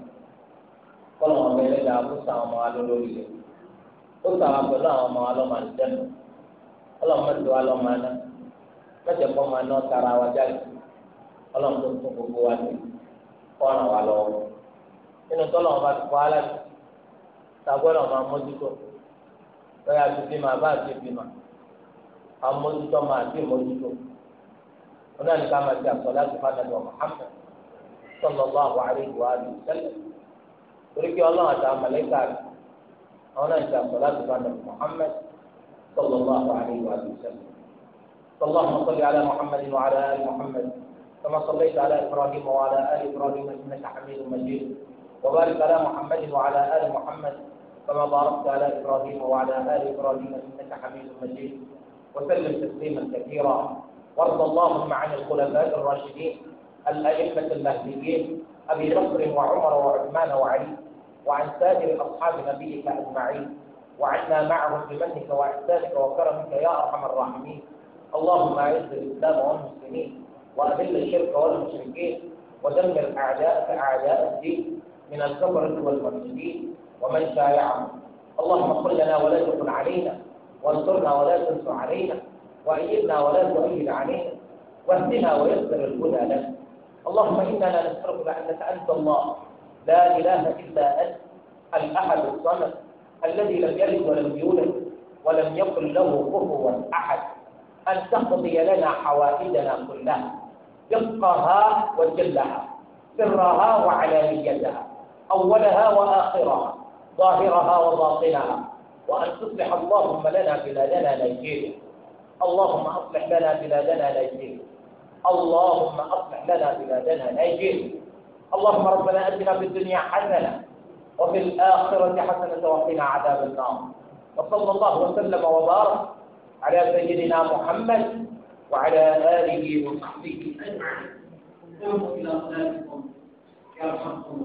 kọlọ ọmọ ẹlẹdàá ó sàn ọmọ wa lórí rẹ ó sàn wà pẹ̀lú àwọn ọmọ wa lọmọ àlùjẹ nà ọlọmọ tó wa lọmọ aná mẹjẹ kọ ọmọ aná tara wa jáde ọlọmọ tó tún gbogbo wa lè kọ ọràn wa lọ́wọ́ nínú tọ́lọ̀ ọba ti kọ́ alẹ́ tàgbọ́dọ̀ máa mójútó lọ́yà tó bímọ àbá àti bímọ àmójútó máa bí mójútó. هنالك ما جاء صلاة فانا ومحمد صلى الله عليه وآله وسلم ولكي الله تعالى ملائكة هنالك صلاة فانا محمد صلى الله عليه وآله وسلم اللهم صل على محمد وعلى آل محمد كما صليت على إبراهيم وعلى آل إبراهيم إنك حميد مجيد وبارك على محمد وعلى آل محمد كما باركت على إبراهيم وعلى آل إبراهيم إنك حميد مجيد وسلم تسليما كثيرا وارض اللهم عن الخلفاء الراشدين الأئمة المهديين أبي بكر وعمر وعثمان وعلي وعن سائر أصحاب نبيك أجمعين وعنا معهم بمنك وإحسانك وكرمك يا أرحم الراحمين اللهم أعز الإسلام والمسلمين وأذل الشرك والمشركين ودمر أعداءك أعداء الدين من الكفرة والمرجدين ومن شايعهم اللهم قل لنا ولا تكن علينا وانصرنا ولا تنصر علينا وأيدنا ولا تؤيد علينا واهدنا ويسر الهدى لنا اللهم إنا لا نسألك بأنك أنت الله لا إله إلا أنت الأحد الصمد الذي لم يلد ولم يولد ولم يكن له كفوا أحد أن تقضي لنا حوائجنا كلها دقها وجلها سرها وعلانيتها أولها وآخرها ظاهرها وباطنها وأن تصلح اللهم لنا بلادنا نيجيريا اللهم أصلح لنا بلادنا نيجين اللهم أصلح لنا بلادنا نيجين اللهم ربنا أتنا في الدنيا حسنة وفي الآخرة حسنة وقنا عذاب النار وصلى الله وسلم وبارك على سيدنا محمد وعلى آله وصحبه أجمعين.